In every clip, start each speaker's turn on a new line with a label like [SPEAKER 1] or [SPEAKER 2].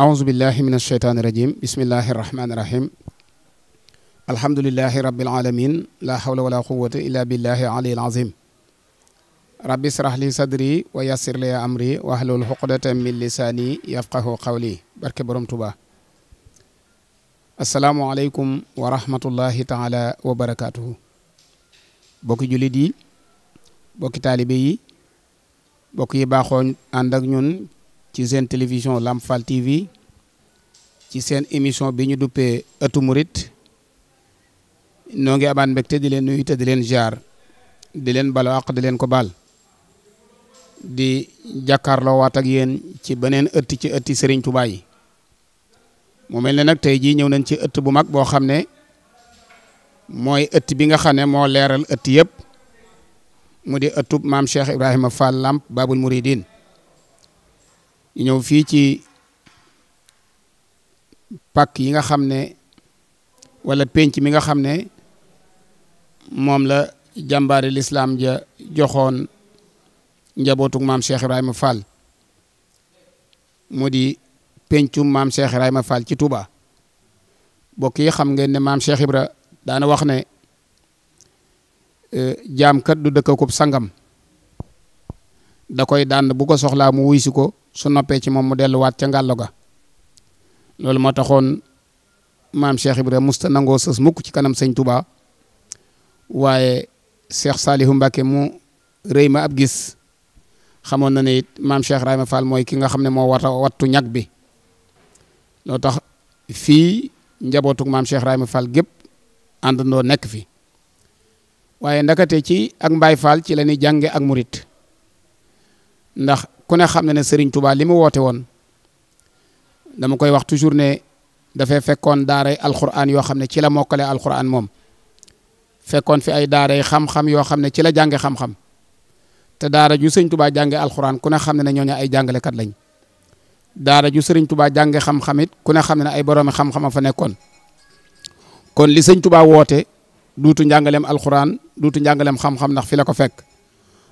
[SPEAKER 1] أعوذ بالله من الشيطان الرجيم بسم الله الرحمن الرحيم الحمد لله رب العالمين لا حول ولا قوة إلا بالله العلي العظيم ربي اشرح لي صدري ويسر لي أمري واحلل عقدة من لساني يفقه قولي برك بروم توبا asalaamualeykum wa rahmatullahi taala wa barakaatuhu bokki jullit yi bokki taalibe yi bokk yi baaxoo ànd ak ñun ci seen télévision Lamp Fall TV ci seen émission bi ñu duppee ëttu murit noo ngi amaat di leen nuyu te di leen jaar di leen balo àq di leen ko baal di jàkkaarloo waat ak yéen ci beneen ëtt ci ëtti Serigne Touba yi mu mel ne nag tey jii ñëw nañ ci ëtt bu mag boo xam ne mooy ëtt bi nga xam ne moo leeral ëtt yëpp mu di ëttub maam Cheikh Ibrahima Fall Lamp Babul Mouridine ñëw fii ci pàkk yi nga xam ne wala pénc mi nga xam ne moom la jàmbaari lislaam ja joxoon njabootug maam Cheikh Ibrahima Fall mu di péncum maam Cheikh Ibrahima Fall ci Touba bokk yi xam ngeen ne maam Cheikh daan wax ne eh, jaamkat du dëkkakub sangam da koy daan bu ko soxlaa mu wuy si ko su noppee ci moom mu delluwaat ca ngàllo ga loolu moo taxoon maam Cheikh Ibrahima musta nangoo sës mukk ci kanam sëñ Touba waaye Cheikh Salihu Mbacke mu rëy ma ab gis xamoon na ne it maam Cheikh Rahima Fall mooy ki nga xam ne moo wata a wattu ñag bi loo tax fii njabootuk maam Cheikh Rahima Fall gépp àndandoo nekk fi waaye ndakate ci ak mbaay Fall ci la ñuy jànge ak murit ndax ku ne xam na ne Serigne Touba li mu woote woon dama koy wax toujours ne dafay fekkoon daaray alxuraan yoo xam ne ci la mokkale alxuraan moom fekkoon fi ay daaray xam-xam yoo xam ne ci la jànge xam-xam te daara ju Serigne Touba jànge alxuraan ku ne xam ne ne ñooñu ay jàngalekat lañ daara ju sëriñ tubaa jànge xam-xam it ku ne xam ne ne ay boroomi xam a fa nekkoon kon li Serigne tubaa woote duutu njàngaleem alxuraan duutu njàngaleem xam-xam ndax fi la ko fekk.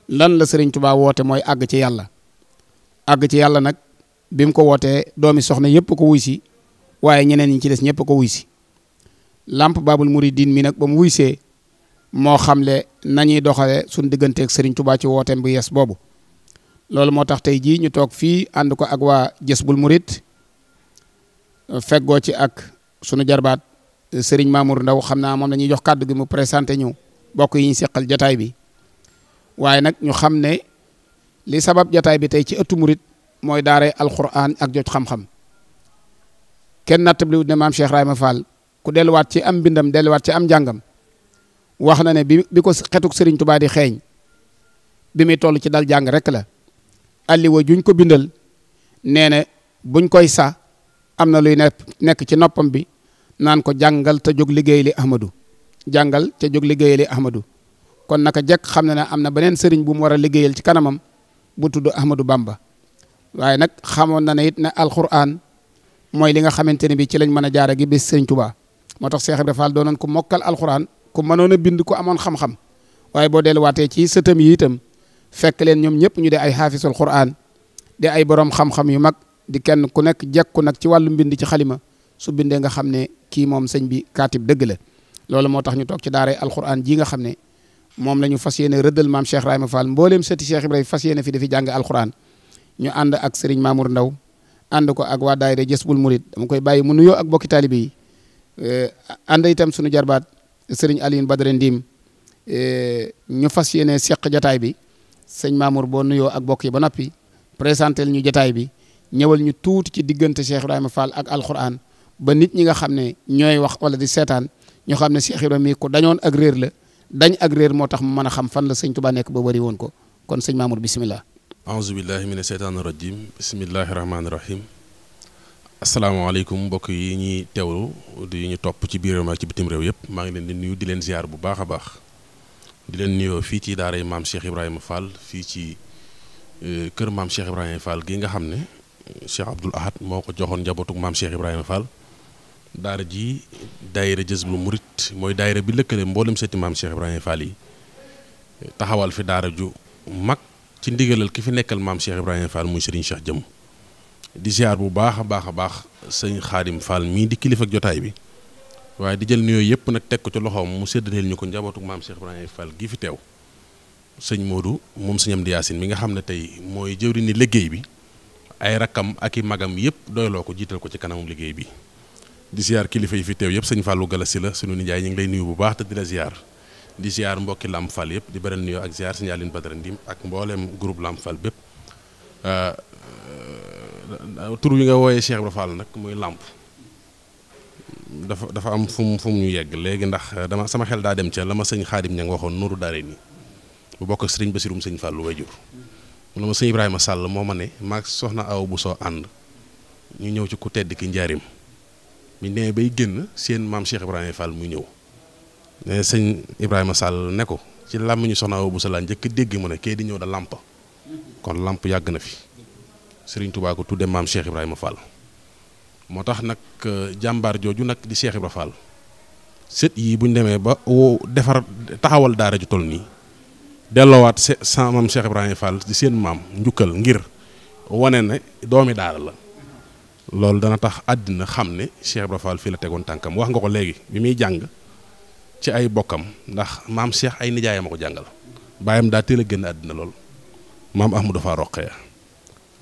[SPEAKER 1] lan la sëriñ tubaa woote mooy àgg ci yàlla àgg ci yàlla nag bi mu ko wootee doomi soxna yëpp ko wuy si waaye ñeneen ñi ci des ñëpp ko wuy si lamp baabul diin mi nag ba mu wuy see moo xam le nañuy doxale suñ digganteek sëriñ tubaa ci wooteem bu yees boobu loolu moo tax tey jii ñu toog fii ànd ko ak waa Jazbul Murid feggoo ci ak sunu jarbaat Serigne Mamour Ndaw xam naa moom na ñuy jox kàddu gi mu présenté ñëw bokk yi ñu seqal jataay bi waaye nag ñu xam ne li sabab jataay bi tey ci ëttu murit mooy daaray alquran ak jot xam-xam kenn nattabliwut ne maam Cheikh Rahima Fall ku delluwaat ci am mbindam delluwaat ci am njàngam wax na ne bi bi ko xetuk sëriñ Tuubaa di xeeñ bi muy toll ci dal jàng rek la alliwa juñ ko bindal nee na buñ koy sa am na luy nekk ci noppam bi naan ko jàngal te jóg liggéey li ahmadu jàngal te jóg liggéey li ahmadu kon naka jekk xam na ne am na beneen sëriñ bu mu war a liggéeyal ci kanamam bu tudd Ahmadou Bamba waaye nag xamoon na ne it ne alxuraan mooy li nga xamante ne bii ci lañ mën a jaara gi bés sëriñ Tuubaa moo tax Seex Ibra Faal doonoon ku mokkal alxuraan ku mënoon a bind ku amoon xam-xam waaye boo delluwaatee ci sëtam yi itam fekk leen ñoom ñëpp ñu di ay xaafisul xuraan di ay borom xam-xam yu mag di kenn ku nekk jekku nag ci wàllu mbind ci xalima su nga xam ne kii moom sëñ bi kaatib dëgg la loolu moo tax ñu toog ci daaray alxuraan ji nga xam ne moom la ñu fas yéene rëddal maam Cheikh ma Fall mbooleem sëti Cheikh Ibrahima fas yéene fi dafi jàng alxuraan ñu ànd ak Serigne Mamour Ndaw ànd ko ak waa daayira Jësbul Murid dama koy bàyyi mu nuyoo ak bokki taalibe yi eh, ànd itam suñu jarbaat Serigne Alioune Badara Ndim eh, ñu fas yéene seq jataay bi sëñ Mamour boo nuyoo ak bokk yi ba noppi présenté ñu jataay bi ñëwal ñu tuuti ci diggante Cheikh Ibrahima Fall ak alxuraan ba nit ñi nga xam ne ñooy wax wala di seetaan ñu xam ne Cheikh Ibrahima mii ko dañoon ak réer la dañ ak réer moo tax mu mën a xam fan la sëñ Tuubaa nekk ba wari woon ko kon sëñ Mamour bisimilah.
[SPEAKER 2] aouzu billahi mina seytaani rajim bisimilahi rahmaani rahim. asalaamaaleykum mbokk yi ñuy teewlu di ñu topp ci biir réew ci bitim réew yëpp maa ngi leen di nuyu di leen ziar bu baax baax di leen nuyoo fii ci daaray maam Cheikh Ibrahima Fall fii ci euh, kër maam Cheikh Ibrahima Fall gi nga xam ne Cheikh Abdoul Ahad moo ko joxoon njabootu maam Cheikh Ibrahima Fall daara jii ji jës Jazbul Murit mooy daayira bi lëkkale mboolem seeti maam Cheikh Ibrahima Fall yi taxawal fi daara ju mag ci ndigalal ki fi nekkal maam Cheikh Ibrahima Fall muy Serigne Cheikh Jëm di ziar bu baax a baax a baax sëñ Xaadim Fall mii di kilifa ak jotaay bi waaye di jël nuyoo yëpp nag teg ko ci loxoom mu séddaleel ñu ko njabootu maam Cheikh Ibrahima Fall gi fi teew sëñ Modou moom sëñ di Yaasin mi nga xam ne tey mooy jëwri ni liggéey bi ay rakkam ak i magam yëpp doyloo ko jiital ko ci kanamum liggéey bi. di ziar kilifa yi fi teew yëpp sëñ fàllu Galassi la suñu nijaay ñu ngi lay nuyu bu baax te di la ziar di ziar mbokki Lamp Fall yëpp di beral nuyoo ak ziar sëñ Aline Badara Ndim ak mbooleem groupe Lamp Fall bépp euh, euh, tur wi nga wooyee Cheikh Ibra Fall nag muy làmp dafa dafa am fu mu ñu yegg léegi ndax euh, dama sama xel daa dem ca la ma sëñ Xaadim ña waxoon Nuuru Daare nii bu bokk ak ba Basirum sëñ Fallou wajur mu ne ma sëñ Ibrahima Sall moo ma ne maag soxna aw bu soo ànd ñu ñëw ci ku tedd ki mi nee bay génn seen maam Cheikh Ibrahima Fall muy ñëw ne sëñ Ibrahima Sall ne ko ci làmm ñu soxna Awa sa laa njëkk dégg mu ne kee di ñëw da làmp kon làmp yàgg na fi Serigne Touba ko de maam Cheikh Ibrahima Fall moo tax nag euh, jàmbaar jooju nag di Cheikh Ibrahima Fall sët yii bu ñu demee ba woo defar taxawal daara ju toll nii dellowaat sa maam Cheikh Ibrahima di seen maam njukkal ngir wane ne doomi daara la. loolu dana tax àddina xam ne Cheikh Ibra Fall fii la tegoon tànkam wax nga ko léegi bi muy jàng ci ay bokkam ndax maam Cheikh ay nijaayam a ko jàngal baayam daa teel a génn àddina lool maam Ahmadou Fall Roqeya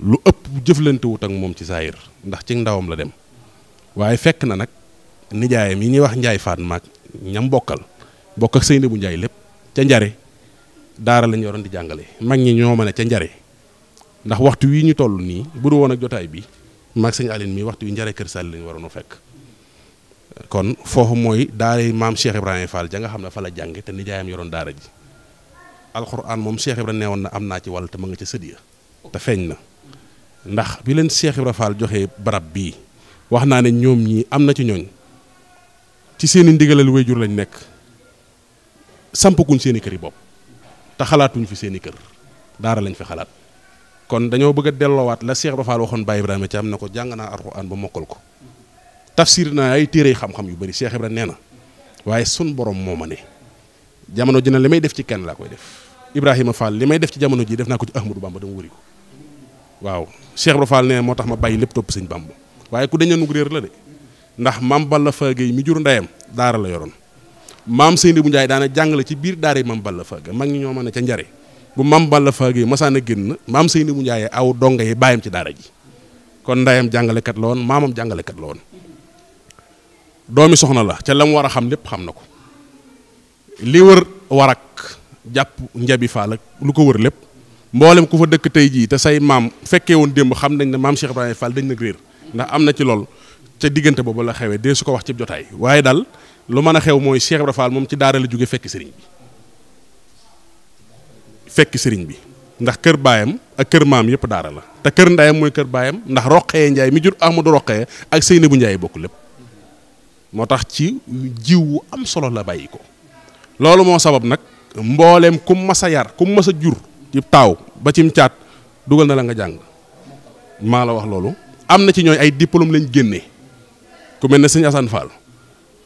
[SPEAKER 2] lu ëpp jëflante wut moom ci saayir ndax ci ndawam la dem waaye fekk na nag nijaayam yi ñuy wax Njaay Faat maag ñam bokkal bokk ak Seyni bu Njaay lépp ca njare daara lañu waroon di jàngale mag ñi ñoo ma ne ca njare ndax waxtu wi ñu toll nii bu du jotaay bi mag sëñ Aline mii waxtu yu njare kër Sall lañu waroon a fekk kon foofu mooy daara maam Cheikh Ibrahima Fall ja nga xam ne fa la te nijaayam yoroon daara ji alxuraan moom Cheikh Ibrahima neewoon na am naa ci wàll te ma nga ca sëdiya te feeñ na ndax bi leen Cheikh Ibrahima joxe barab bii wax naa ne ñoom ñii am na ci ñooñ ci seen i ndigalal waajur lañ nekk sampaguñ seen i kër yi bopp te xalaatuñu fi seeni kër daara lañ fi xalaat kon dañoo bëgg a delloowaat la Cheikh Ibra Fall waxoon Baye Ibrahima Thiam na ko jàng naa alxuraan ba mokkal ko tafsir naa ay téere xam-xam yu bari Cheikh Ibra nee na waaye sun boroom moo ma ne jamono ji na li may def ci kenn laa koy def Ibrahima Fall li may def ci jamono ji def naa ko ci Ahmadou Bamba dama wëri ko waaw Cheikh Ibra Fall nee moo tax ma bàyyi lépp topp sëñ Bamba waaye ku dañu nug réer la de ndax maam Balla Fagey mi jur ndeyam daara la yoroon maam Seydi bu Njaay daana jàngale ci biir daara yi maam Balla Fagey mag ñi ñoo mën a ca njare bu maam Balla Fage masaan a génn maam Seyni mu Ndiaye aw donga yi bàyyam ci daara ji kon ndayam jàngalekat la woon maamam jàngalekat la woon doomi soxna la ca lam war a xam lépp xam na ko li wër warak jàpp njabi faal ak lu ko wër lépp mboolem ku fa dëkk tey jii te say maam fekkee woon démb xam nañ ne maam Cheikh Ibrahima Fall dañ nag réer ndax am na ci lool ca diggante boobu la xewee dee su ko wax ci jotaay waaye daal lu mën a xew mooy Cheikh Ibrahima Fall moom ci daara la jóge fekk sëriñ fekk sëriñ bi ndax kër baayam ak kër maam yëpp daara la te kër ndayam mooy kër baayam ndax roqee njaay mi jur Amadou roqee ak Seynabu njaay bokk lépp moo tax ci jiw wu am solo la bàyyi ko loolu moo sabab nag mbooleem ku mas a yar ku mas a jur ci taaw ba cim caat dugal na la nga jàng maa la wax loolu am na ci ñooy ay diplôme lañ génne ku mel ne sëñ Assane Fall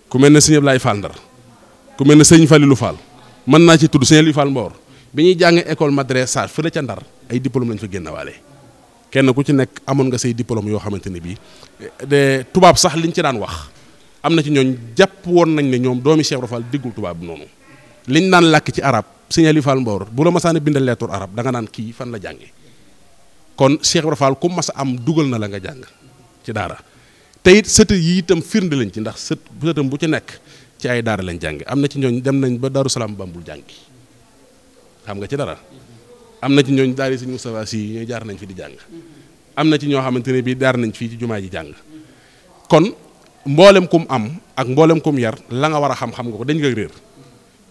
[SPEAKER 2] ku mel ne sëñ laay Fall Ndar ku mel ne sëñ Falilou Fall mën naa ci tudd sëñ Aliou Fall Mboor bi ñuy jàng école madrasage fële ca ndar ay diplôme lañ fa génnewaale kenn ku ci nekk amoon nga say diplôme yoo xamante ne bii tubaab sax liñ ci daan wax am na ci ñooñ jàpp woon nañ ne ñoom doomi Cheikh Rafal diggul tubaab bu noonu liñ naan làkk ci arab signali Fall Mbaor bu la masaana bindal lettre arab da nga naan kii fan la jànge kon Cheikh Rafal ku mas a am dugal na la nga jàng ci daara te it sët yi itam firnde lañ ci ndax sët sëtam bu ci nekk ci ay daara lañ jànge am na ci ñooñ dem nañ ba Daaru Salaam Bambul jàngi xam nga ci dara am na ci ñooñ daal di sëñ Moustapha si ñooy jaar nañ fi di jàng am na ci ñoo xamante ne bii jaar nañ fii di jumaa ji jàng kon mboolem kum am ak mboolem kum yar la nga war a xam-xam nga ko dañ koy réer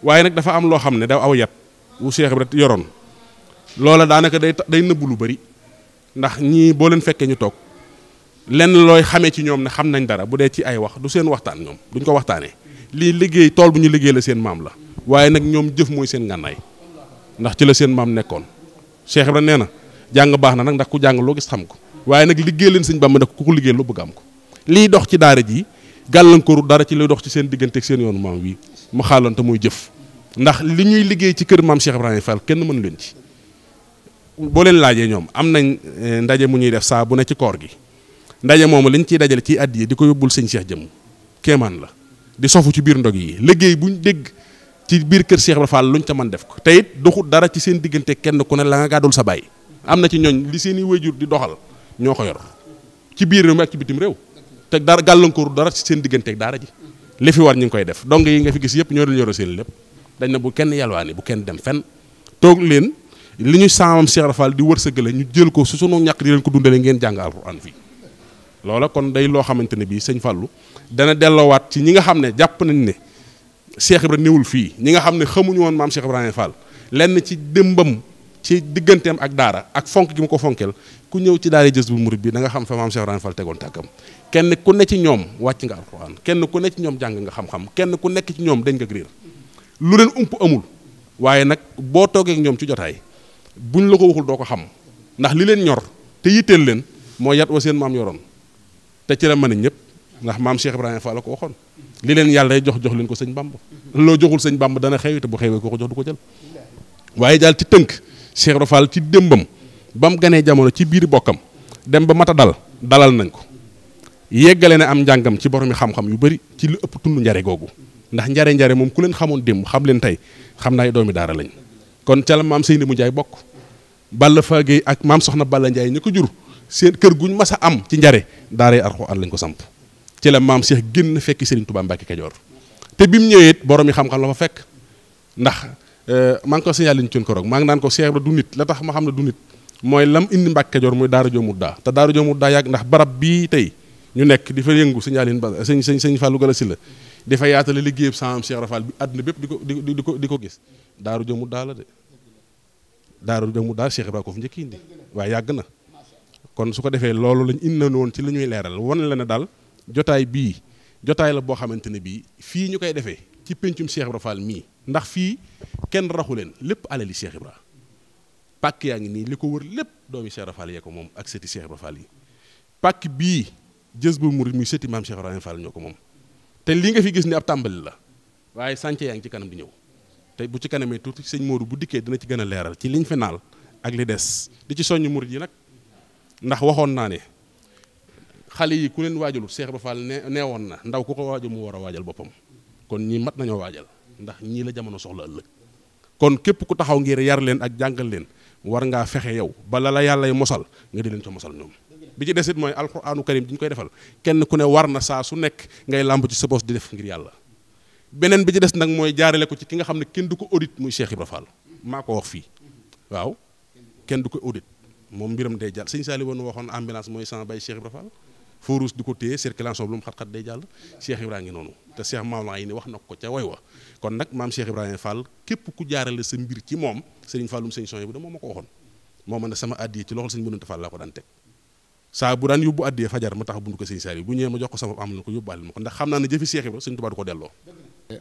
[SPEAKER 2] waaye nag dafa am loo xam ne daw aw yat wu Cheikh Ibra yoroon loola daanaka day day nëbbu lu bari ndax ñii boo leen fekkee ñu toog lenn looy xamee ci ñoom ne xam nañ dara bu dee ci ay wax du seen waxtaan ñoom duñ ko waxtaanee lii liggéey tool bu ñu liggéey seen maam la waaye nag jëf mooy seen ngànnaay ndax ci la seen maam nekkoon Cheikh Ibra nee na jàng baax na nag ndax ku jàng loo gis xam ko waaye nag liggéey leen sëñ Bàmba nag ku ko liggéey lu bëgg am ko liy dox ci daara ji gàllankooru dara ci liy dox ci seen diggante ak seen yoonu maam wi mu xaalante muy jëf ndax li ñuy liggéey ci kër maam Cheikh Ibrahima fal kenn mënu leen ci boo leen laajee ñoom am nañ eh, ndaje mu ñuy def saa bu ne ci koor gi ndaje moomu liñ ciy dajale ciy addiye di ko yóbbul sëñ Cheikh jëm kéemaan la di sofu ci biir ndog yi liggéey buñ dégg ci biir kër Cheikh Ibra lu ñu ca mën def ko te it doxut ci seen diggante kenn ku ne la sa baay am na ci ñooñ li seen i wéjur di doxal ñoo ko yor ci biir réew mi ak réew te dara gàllankooru dara ci seen diggante ak daara ji li fi war ñu ngi koy def donc yi nga fi gis yëpp ñoo doon yoro seen lépp dañ na bu kenn yalwaani bu kenn dem fenn toog leen li ñu saamam Cheikh Ibra Fall di wërsëgale ñu jël ko su sunu ñàkk di leen ko dundale ngeen jàng alxuraan fii loola kon day loo xamante ne bii sëñ fallu dana delloowaat ci ñi nga xam ne jàpp nañ ne Cheikh Ibra néewul fii ñi nga xam ne xamuñu woon maam Cheikh Ibrahima Fall lenn ci démbam ci digganteem ak daara ak fonk gi mu ko fonkeel ku ñëw ci jës Jazbul Murid bi da nga xam fa maam Cheikh Ibrahima Fall tegoon tàkkam kenn ku ne ci ñoom wàcc nga alxuraan kenn ku ne ci ñoom jàng nga xam-xam kenn ku nekk ci ñoom dañ nga griir lu leen ump amul waaye nag boo toogee ñoom ci jotaay buñ la ko waxul doo ko xam ndax li leen ñor te yitteel leen moo yat wa seen maam yoroon te ci la mën a ñëpp ndax maam Cheikh Ibrahima Fall la ko waxoon li leen yàlla jox jox leen ko sëñ Bamba loo joxul sëñ Bamba dana xew te bu xewee ko ko jox ko jël waaye daal ci tënk Cheikh ci démbam ba mu ganee jamono ci biir bokkam dem ba mat a dal dalal nañ ko yeggale na am njàngam ci boromi xam-xam yu bari ci lu ëpp tund njare googu ndax njare njare moom ku leen xamoon démb xam leen tey xam naa ay doomi daara lañ kon ca la maam Seyni mu Njaay bokk Balla Fagey ak maam Soxna Balla Njaay ñu ko jur seen kër guñ mas a am ci njare daaray Alxuraan lañ ko samp ci la maam Cheikh génn fekki Serigne Touba Mbacke Kajoor te bi mu ñëwee it borom yi xam-xam la fa fekk ndax euh, maa ngi ko signalé ñu ci ko roog maa ngi naan ko Cheikh la du nit la xam ne du nit mooy lam indi Mbacke Kajoor mooy Daara Joomu te Daara Daa yàgg ndax barab bii tey ñu nekk di fa yëngu signalé ba sëñ sëñ sëñ Fallou Gala Sylla di fa yaatale liggéeyam sama Cheikh Rafal bi àdduna bépp di ko di ko di ko gis Daara Joomu Daa la de Daara Joomu Daa Cheikh Ibrahima njëkk indi waaye yàgg na kon su ko defee loolu lañ indi woon ci li ñuy leeral won la ne daal jotaay bii jotaay la boo xamante ne bii fii ñu koy defee ci péncum Cheikh Ibra Fall mii ndax fii kenn raxu leen lépp alali Cheikh Ibra pàkk yaa ngi nii li ko wër lépp doomi Cheikh Ibra yee ko moom ak sëti Cheikh Ibra yi pàkk bii Jazboul Mouride muy sëti maam Cheikh Ibrahima ñoo ko moom te li nga fi gis ni ab tàmbali la waaye sànce yaa ngi ci kanam di ñëw te bu ci kanamee tuuti sëñ Modou bu dikkee dina ci gën a leeral ci liñ fi naal ak li des li ci soññ murid yi nag ndax waxoon naa ne xale yi ku leen waajalul Cheikh Ibra Fall ne neewoon na ndaw ku ko waajal mu war a waajal boppam kon ñii mat nañoo waajal ndax ñii la jamono soxla ëllëg kon képp ku taxaw ngir yar leen ak jàngal leen war ngaa fexe yow bala la yàllay mosal nga di leen ca mosal ñoom bi ci desit mooy alquraanu karim di ñu koy defal kenn ku ne war na saa su nekk ngay làmb ci sa bos di def ngir yàlla beneen bi ci des nag mooy jaarale ko ci ki nga xam ne kenn du ko audit muy Cheikh Ibra Fall maa ko wax fii waaw kenn du ko audit moom mbiram day jàll sëñ Saali woon waxoon ambulance mooy sans bay Cheikh Ibra fooruus du ko téye circulation bi lu mu xat-xat day jàll Cheikh Ibrahima ngi noonu te Cheikh Maolana ni wax na ko ca way kon nag maam Cheikh Ibrahima Fall képp ku jaarale sa mbir ci moom sëriñ Fallum sëñ Sonia bu da moo ma ko waxoon moo man ne sama addiye ci loxol sëñ Mënunta Fall laa ko daan teg saa bu daan yóbbu addiye fajar ma ñëwee ma jox ko sama am na ko yóbbaale ma ko ndax xam naa ne jëfi Cheikh Ibrahima sëñ du ko delloo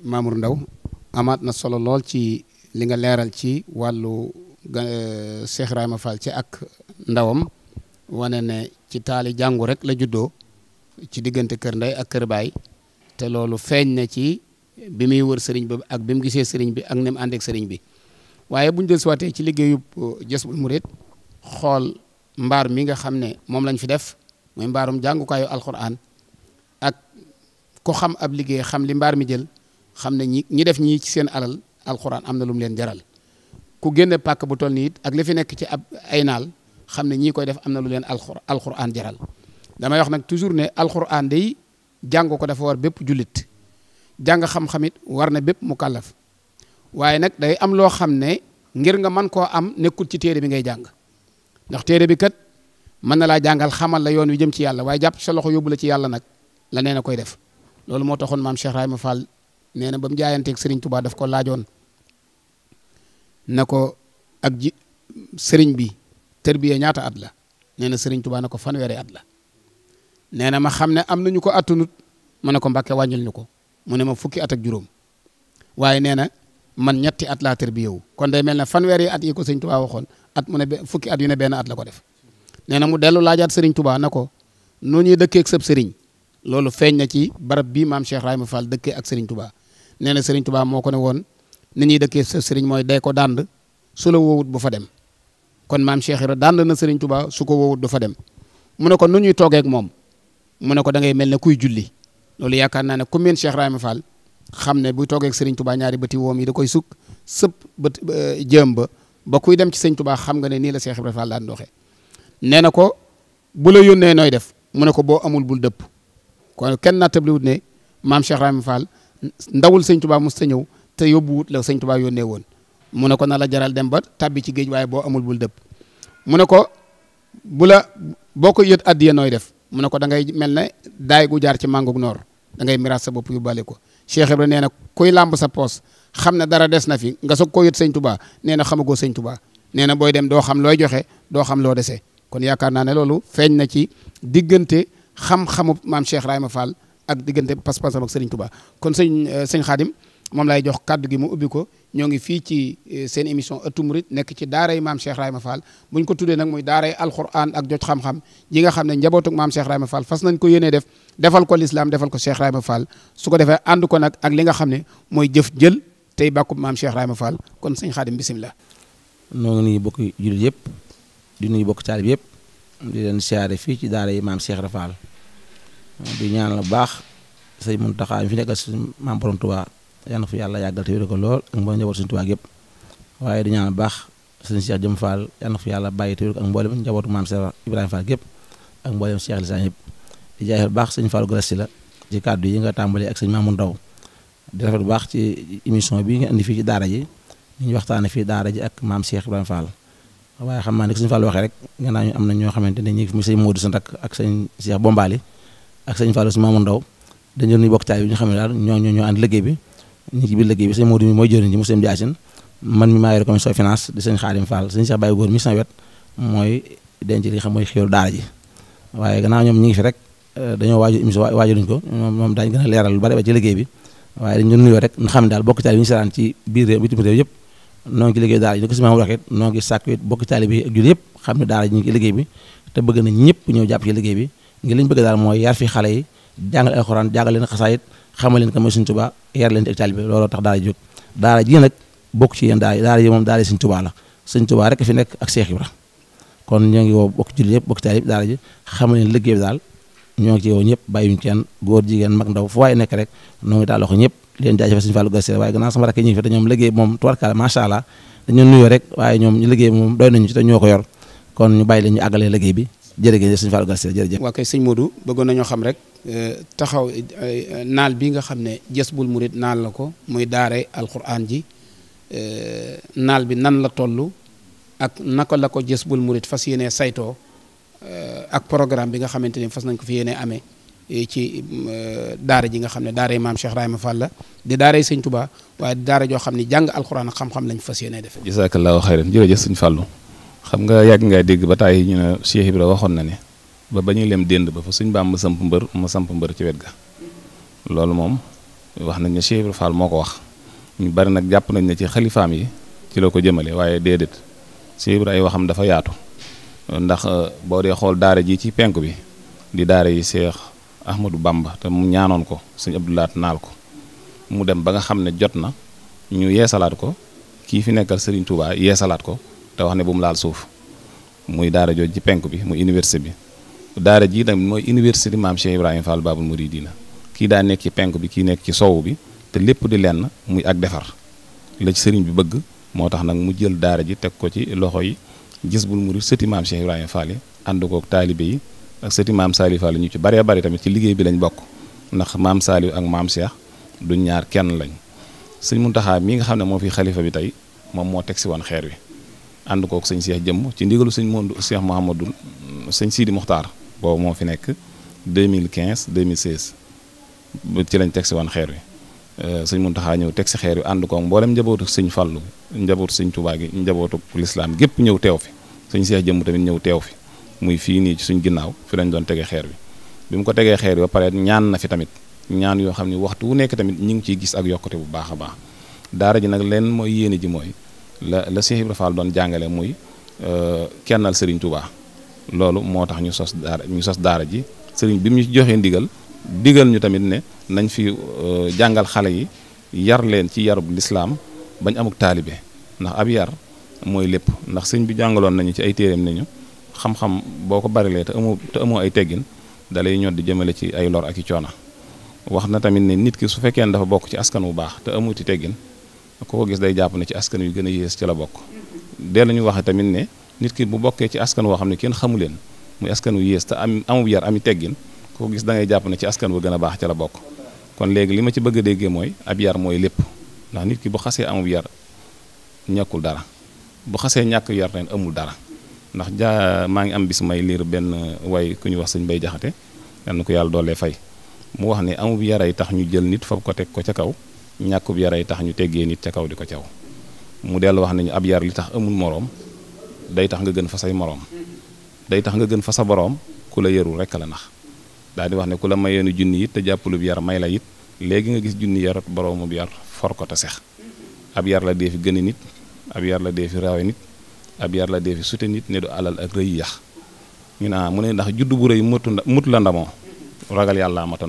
[SPEAKER 1] Mamour Ndaw amaat na solo lool ci li nga leeral ci wàllu Cheikh ma Fall ci ak ndawam wane ne ci taali jàngu rek la juddoo ci diggante kër ndey ak kër baay te loolu feeñ na ci bi muy wër sëriñ bi ak bi mu gisee sëriñ bi ak ni àndeek sëriñ bi waaye buñ del siwaatee ci liggéeyub uh, Jazbul Murid xool mbaar mi nga xam ne moom lañ fi def muy mbaarum jàngukaayu alquran ak ko xam ab liggéey xam li mbaar mi jël xam ne ñi ñi def ñii ci seen alal alquran am na lu leen jaral ku génne pàkk bu toll nii it ak li fi nekk ci ab ay naal xam ne ñii koy def am na lu leen alxur alxuraan jaral damay wax nag toujours ne alxuraan day jàng ko dafa war bépp jullit jàng xam-xam it war na bépp mu kàllaf waaye nag day am loo xam ne ngir nga man koo am nekkul ci téere bi ngay jàng ndax téere bi kat mën na laa jàngal xamal la yoon wi jëm ci yàlla waaye jàpp sa loxo yóbbu la ci yàlla nag la nee na koy def loolu moo taxoon maam Cheikh Rahima Fall nee na ba mu jaayanteeg Serigne Touba daf ko laajoon na ko ak ji sëriñ bi tërbiye ñaata at la nee na sëriñ Tuubaa ne ko fanweeri at la nee na ma xam ne am nañu ko attunut mu ne ko Mbàkke wàññil ñu ko mu ne ma fukki at ak juróom waaye nee na man ñetti at laa tërbiye kon day mel ne fanweeri at yi ko sëriñ Tuubaa waxoon at mu ne fukki at yu ne benn at la ko def nee na mu dellu laajaat sëriñ tubaa na ko noo ñuy dëkkee ak sëriñ loolu feeñ na ci barab bii maam Cheikh Rahima Fall dëkkee ak sëriñ tubaa nee na sëriñ Tuubaa moo ko ne woon ni ñuy dëkkee sëb sëriñ mooy dee ko dànd su bu fa dem kon maam Cheikh Ibra daan na Serigne Touba su ko du fa dem mu ne ko nu ñuy toogee moom mu ne ko da ngay mel ne kuy julli loolu yaakaar naa ne ku meen Cheikh Rahma Fall xam ne bu toogee ak Serigne Touba ñaari bëti woom yi da koy sukk sëpp bët jëm ba ba kuy dem ci Serigne Touba xam nga ne nii la Cheikh Ibra Fall daan doxee nee na ko bu la yónnee nooy def mu ne ko boo amul bul dëpp kon kenn naa tabliwut ne maam Cheikh ndawul Serigne Touba mos ta ñëw te yóbbuwut la Serigne Touba yónnee woon mu ne ko na la jaral dem ba tàbbi ci géej waaye boo amul bul dëpp mu ne ko bu la boo ko yët addiya nooy def mu ne ko da ngay mel ne daay gu jaar ci màngug noor da miraas sa bopp yóbbaale ko Cheikh Ibra nee na kuy làmb sa poos xam ne dara des na fi nga soog koo yët sëñ tubaa nee na xamagoo sëñ tubaa nee na booy dem doo xam looy joxe doo xam loo dese kon yaakaar naa ne loolu feeñ na ci diggante xam-xamu maam Cheikh ma Fall ak diggante pas-pasam ak Serigne Touba kon sëñ sëñ moom lay jox kàddu gi mu ubbi ko ñoo ngi fii ci eh, seen émission ëttu nekk ci daaray maam Cheikh Rayma Fall buñ ko tuddee nag mooy daaray alquran ak jot xam-xam yi nga xam ne njabootuk maam Cheikh Rayma Fall fas nañ ko yéenee def defal ko lislaam defal ko Cheikh Rayma Fall su ko defee ànd ko nag ak li nga xam ne mooy jëf jël tey bàkkub maam Cheikh Rayma Fall kon sëñ Xaadim bisimilah.
[SPEAKER 3] noo ngi nuyu bokk jullit yëpp di nuyu bokk taalib yëpp di leen siyaare fii ci daaray maam Cheikh Rayma Fall di ñaan la baax sëñ Muntaxa fi nekkal suñu maam Borom Tuubaa yal na fi yàlla yàggal te wér ko lool ak mboolem njaboot suñu Tuubaa yëpp waaye di ñaan baax sëñ Cheikh Jëm Fall yal na fi yàlla bàyyi te wér ko ak mboolem njabootu maam ak mboolem Cheikh Lisaan yëpp di baax sëñ Fall Grassi la ci kàddu yi nga tàmbalee ak sëñ Mamoun Ndaw di rafet baax ci émission bi nga indi fii ci daara ji ñu waxtaane fii daara ak maam Cheikh Ibrahima Fall waaye xam naa ne sëñ Fall waxee rek nga naa ñu am na ñoo xamante ne ñi mi sëñ Modou Sant ak sëñ Cheikh Bombali ak sëñ Fall sëñ Mamoun Ndaw dañu ñu bokk taay bi ñu xam ne daal ñoo ñoo ànd liggéey bi ñu ngi ci biir liggéey bi sëñ Modou mi mooy jëriñ ji mu sëñ di asin man mi maa yore commission finance di sëñ Xaadim Fall sëñ Cheikh Baye Góor mi sama wet mooy denc li xam mooy xéwal daara ji waaye gannaaw ñoom ñi ngi fi rek euh, dañoo waaju émission waajaluñ ko moom daañu gën a leeral lu bari ba ci liggéey bi waaye dañ doon nuyoo rek ñu xam daal bokk taali bi ñu saraan ci biir réew bitim réew yëpp noo ngi ci liggéey daara ji ni ko si maam waxee noo ngi sàkk it bokk taali bi ak jul yëpp xam ne daara ji ñu ngi liggéey bi te bëgg na ñëpp ñëw jàpp ci liggéey bi ngi liñ bëgg daal mooy yar fi xale yi jàngal alxuraan jàngal leen xasaayit xamal leen kan mooy Sëñ yar leen ci ak taalibe looloo tax daara ji nag bokk ci yéen daara ji moom daara Sëñ Tuubaa la Sëñ Tuubaa rek fi nekk ak Seex Ibra kon ñoo ngi woo bokk jullit yëpp bokk daal ñoo ngi ci woo ñëpp bàyyiwuñ kenn góor jigéen mag ndaw fu waaye nekk rek noo ngi daal loxo ñëpp moom tubarkaale macha allah dañu nuyoo ñu bay ñu bàyyi leen ñu àggalee liggéey bi jërëjëf sëñ Fallou Gallassi jërëjëf.
[SPEAKER 1] waa kay sëñ Modou bëggoon nañoo xam rek euh, taxaw euh, naal bi nga xam ne Jazbul Mouride naal la ko muy daare alquran ji euh, naal bi nan la toll ak naka la ko Jazbul Mouride fas yéenee saytoo ak programme bi nga xamante ni fas nañ ko fi yéenee amee ci daara ji xam ne daare maam Cheikh Rahima Fall la di daare sëñ Touba waaye di joo xam ne jàng alquran ak xam-xam lañ fas yéenee def.
[SPEAKER 4] jazaakallahu xayran jërëjëf sëñ Fallou. xam nga yàgg ngaa dégg ba taay ñu ne Cheikh Ibra waxoon na ne ba ba ñuy lem dénd ba fa suñ baam ma samp mbër ma samp mbër ci wet ga loolu moom wax nañ ne Cheikh Ibra Fall moo ko wax ñu bari nag jàpp nañ ne ci xalifaam yi ci la ko jëmale waaye déedéet Cheikh Ibra ay waxam dafa yaatu ndax euh, boo dee xool daara ji ci penk bi di daara yi Cheikh Ahmadou Bamba te mu ñaanoon ko suñ Abdoulaat naal ko mu dem ba nga xam ne jot na ñu yeesalaat ko kii fi nekkal Serigne Touba yeesalaat ko te wax ne bu mu laal suuf muy daara jooju ci penk bi muy université bi daara jii tamit mooy université maam Cheikh Ibrahima Fall Babul diina ki daa nekk ci penk bi kii nekk ci sow bi te lépp di lenn muy ak defar la ci sëriñ bi bëgg moo tax nag mu jël daara ji teg ko ci loxo yi gis bul murid sëti maam Cheikh Ibrahima Fall ànd kook taalibe yi ak sëti maam Saliou Fall ñu ci baree bari tamit ci liggéey bi lañ bokk ndax maam saali ak maam Cheikh du ñaar kenn lañ sëñ Muntaxa mi nga xam ne moo fi xalifa bi tey moom moo teg si woon xeer wi. ànd kook sëñ Cheikh jëmm ci ndigalu sëñ Moodu Cheikh Mouhamadou sëñ Sidi Mokhtar boobu moo fi nekk mille 2015 2016 ci lañ teg si woon xeer wi euh, sëñ Muntaxa ñëw teg si xeer wi ànd kook mboolem njabootu sëñ Fallu njabootu sëñ Touba gi njabootu lislaam gépp ñëw teew fi sañ Cheikh jëmm tamit ñëw teew fi muy fii nii ci suñ ginnaaw fi lañ doon tegee xeer wi bi mu ko tegee xeer wi ba pare ñaan na fi tamit ñaan yoo xam ne waxtu wu nekk tamit ñu ngi ciy gis ak yokkute bu baax a baax daara ji nag leen mooy yéene ji mooy la la Cheikh Ibra Fall doon jàngale muy euh, kennal sëriñ tubaa loolu moo tax ñu sos daara ñu sos daara ji sëriñ bi mu ñu joxee ndigal digal ñu tamit ne nañ fi euh, jàngal xale yi yar leen ci yarub lislaam bañ amuk taalibe ndax ab yar mooy lépp ndax sëñ bi jàngaloon nañu ci ay téereem nañu xam-xam boo ko barilee te amoo te amoo ay teggin dalay ñod di jëmale ci ay lor ak i coona wax na tamit ne nit ki su fekkee ne dafa bokk ci askan wu baax te amuti teggin ku ko gis day jàpp na ci askan wi gën a yées ci la bokk dellu ñu waxe tamit ne nit ki bu bokkee ci askan woo xam ne kenn xamu leen muy askan wu yées te am amub yar ami teggin ku gis da ngay jàpp ne ci askan wu gën a baax ci bokk kon léegi li ma ci bëgg déggee mooy ab yar mooy lépp ndax nit ki bu xasee amub yar ñàkkul dara bu xasee ñàkk yar ren amul dara ndax jaa maa ngi am bis may liir benn way ku ñu wax sëñ bay jaxate yal ko yàlla doolee fay mu wax ne amub yi tax ñu jël nit fab ko teg ko ca kaw ñàkkub yaray tax ñu teggee nit ca kaw di ko caw mu dellu wax nañu ab yar li tax amul moroom day tax nga gën fa say moroom day tax nga gën fa sa boroom ku la yarul rekk la ndax daal di wax ne ku la mayeenu junni it te jàppalub yar may la it léegi nga gis junni yarat boroomub yar for ko sex ab yar la dee fi gëne nit ab yar la dee fi rawe nit ab yar la dee fi sute nit ne du alal ak rëy yax ñu naa ah, mu ne ndax judd bu rëy mutu la ndamoo ragal yàlla mata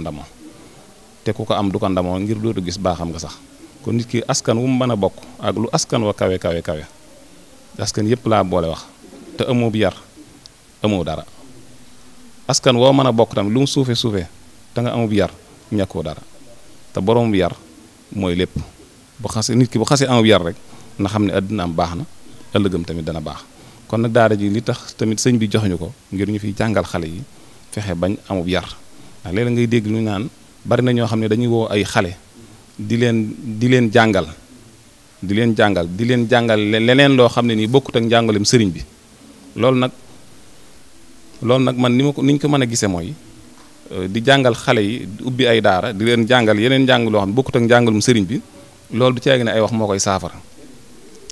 [SPEAKER 4] te ku ko am du ko ndamoo ngir dootu gis baaxam nga sax kon nit ki askan wu mu mën a bokk ak lu askan wa kawe kawe kawe yëpp laa boole wax te amoo bi yar amoo dara askan woo mën a bokk lu mu suufe suufe te nga amoo yar ñàkkoo dara te borom bi yar mooy lépp bu xase nit ki bu xasee amoo yar rek na xam ne àddina am baax na ëllëgam tamit dana baax kon nag daara ji li tax tamit sëñ bi joxuñu ko ngir ñu fi jàngal xale yi fexe bañ amub yar ndax ngay dégg ñu naan bari na ñoo xam ne dañuy woo ay xale di leen di leen jàngal di leen jàngal di leen jàngal leneen loo xam ne nii bokkut ak njàngalem sëriñ bi loolu nag loolu nag man ni ma ko ko mën a gisee mooy euh, di jàngal xale yi ubbi ay daara di leen jàngal yeneen njàng xam ne bokkut ak njàngalum sëriñ bi loolu du caagi ne ay wax moo koy saafara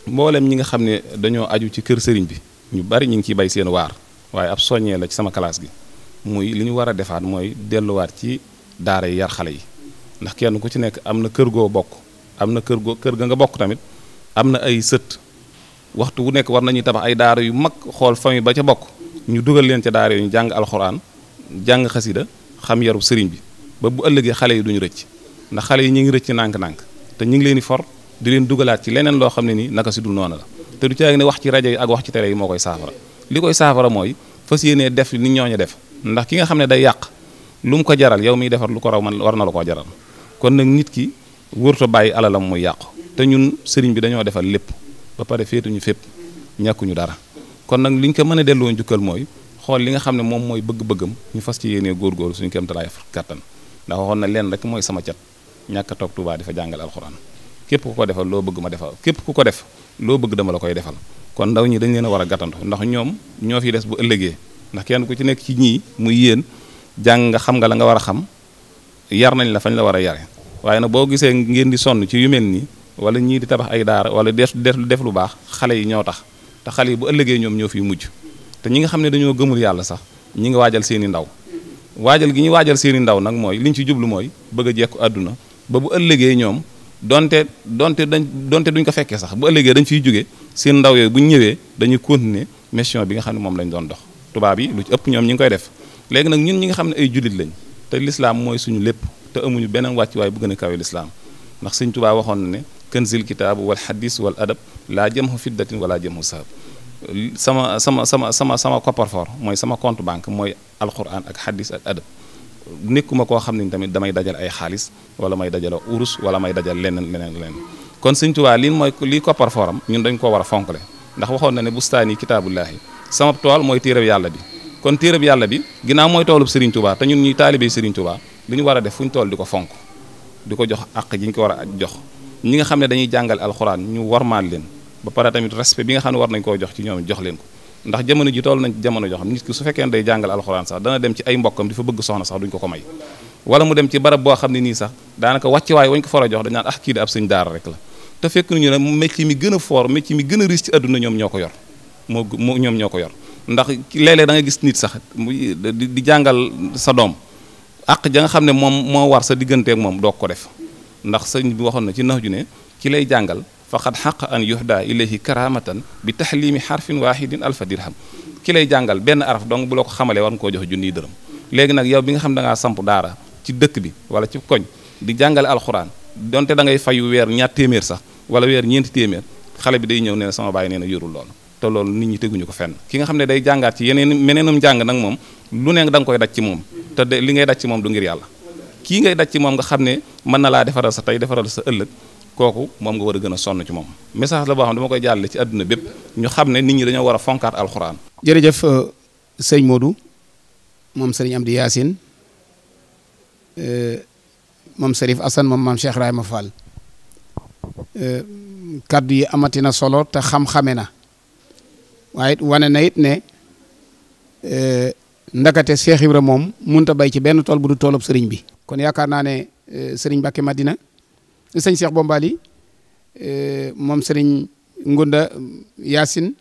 [SPEAKER 4] mboolem ñi nga xam ne dañoo aju ci kër sëriñ bi ñu bari ñu ngi ciy bay seen waar waaye ab soññee la ci sama kalaas gi muy li ñu war a defaat mooy delluwaat ci. daara yi yar xale yi ndax kenn ku ci nekk am na kër goo bokk am na kër goo kër ga nga bokk tamit am na ay sët waxtu wu nekk war nañuy tabax ay daara yu mag xool famille ba ca bokk ñu dugal leen ca daara yu ñu jàng alxuraan jàng xasida xam yaru sëriñ bi ba bu ëllëgee xale yi duñu rëcc ndax xale yi ñu ngi rëcc nànk-nànk te ñu ngi leen di for di leen dugalaat ci leneen loo xam ne nii naka si du noonu la te du caagi ne wax ci rajo yi ak wax ci télé yi moo koy saafara li koy saafara mooy fas yéenee def ni ñooñu def ndax ki nga xam ne day yàq lu mu ko jaral yow miy defar lu ko raw man war na la koo jaral kon nag nit ki wërta bàyyi alalam muy yàqu te ñun sëriñ bi dañoo defal lépp ba pare féetuñu fépp ñàkkuñu dara kon nag li ñu ko mën a delloo njukkal mooy xool li nga xam ne moom mooy bëgg-bëggam ñu fas ci yéenee góorgóorlu suñu kem talaay kattan ndax waxoon na leen rek mooy sama cat ñàkk a toog Tuubaa di fa jàngal alxuraan képp ku ko defal loo bëgg ma defal képp ku ko def loo bëgg dama la koy defal kon ñi dañ leen a war a gàttantu ndax ñoom ñoo fi des bu ëllëgee ndax kenn ku ci nekk ci ñii muy yéen jàng nga xam nga la nga war a xam yar nañ la fañ la war a yare waaye nag boo gisee ngeen di sonn ci yu mel nii wala ñii di tabax ay daara wala def def lu baax xale yi ñoo tax te xale yi bu ëllëgee ñoom ñoo fiy mujj te ñi nga xam ne gëmul yàlla sax ñi nga waajal seeni ndaw waajal gi ñu waajal seeni ndaw nag mooy liñ ci jublu mooy bëgg a jekku àdduna ba bu ëllëgee ñoom donte donte dañ donte duñ ko fekkee sax bu ëllëgee dañ fiy jóge seen ndawee bu ñu ñëwee dañuy continuer mission bi nga xam ne moom lañ doon dox tubaab yi lu ci ëpp ñoom ñi ngi koy def léegi nag ñun ñi nga xam ne ay jullit lañ te lislaam mooy suñu lépp te amuñu beneen wàccuwaay bu gën a kawe lislaam ndax sëñ waxoon na ne kanzil kitaabu wal xadis wal adab laa jamhu fiddatin wala jamhu sahab sama sama sama sama sama coffre-fort mooy sama compte banque mooy alquran ak xadis ak adab nekkuma koo xam ne tamit damay dajale ay xaalis wala may dajale urus wala may dajal leneen leneen leneen kon sëñ Tuubaa lii mooy lii coffre-fortam ñun dañ ko a fonkle ndax waxoon na ne bustaani kitaabullaahi sama tool mooy téereb yàlla bi kon téereb yàlla bi ginnaaw mooy toolub Serigne Touba te ñun ñuy taalibey Serigne Touba lu ñu war a def fu ñu toll di ko fonk di ko jox àq ji ñu ko war a jox ñi nga xam ne dañuy jàngal alxuraan ñu warmaal leen ba pare tamit respect bi nga xam ne war nañ koo jox ci ñoom jox leen ko ndax jamono ji tool nañ ci jamono joo xam nit ki su fekkee ne day jàngal alxuraan sax dana dem ci ay mbokkam di fa bëgg soxna sax duñ ko ko may wala mu dem ci barab boo xam ne nii sax daanaka wàcc waay wañ ko fara jox dañ naan ah kii da ab sëñ daara rek la te fekk nañu ne métier mi gën a fort métier mi gën a riche ci ñoo ko yor moo moo ñoom ñoo ko yor ndax léeg-léeg gis nit sax muy di jàngal sa doom àq ja nga xam ne moom moo war sa digganteek moom doog ko def ndax sëñ bi waxoon na ci nax ju ne ki lay jàngal faqad xaq an yuhda ilayhi karamatan bi taxliimi xarfin waahidin alfa dirham ki lay jàngal benn araf donc bu la ko xamalee war nga koo jox junniy dërëm léegi nag yow bi nga xam da ngaa samp daara ci dëkk bi wala ci koñ di jàngale alxuraan donte da ngay fayu weer ñaar téeméer sax wala weer ñeenti téeméer xale bi day ñëw nee sama bàyyi nee na yorul loolu te loolu nit ñi teguñu ko fenn ki nga xam ne day jàngaat ci yeneen meneenum jàng nag moom lu ne danga koy daj ci moom te de li ngay daj ci moom du ngir yàlla kii ngay daj ci moom nga xam ne mën na laa defaral sa tey defaral sa ëllëg kooku moom nga war a gën a sonn ci moom message la boo xam ne koy jàllale ci àdduna ñu xam ne nit ñi dañoo war a fonkaat alxuraan.
[SPEAKER 1] jërëjëf euh, sëñ Modou moom sëriñ Amdi Yaasin euh, moom Serif Assane moom ma Cheikh Rahima euh, kàddu yi amati na solo te xam-xame na. waaye wane na it ne e, ndakate Cheikh Ibra moom munta bay ci benn tool bu du toolub sëriñ bi kon yaakaar naa ne e, sëriñ Mbacke Madina sëñ Cheikh Bombali e, moom sëriñ Ngunda Yacine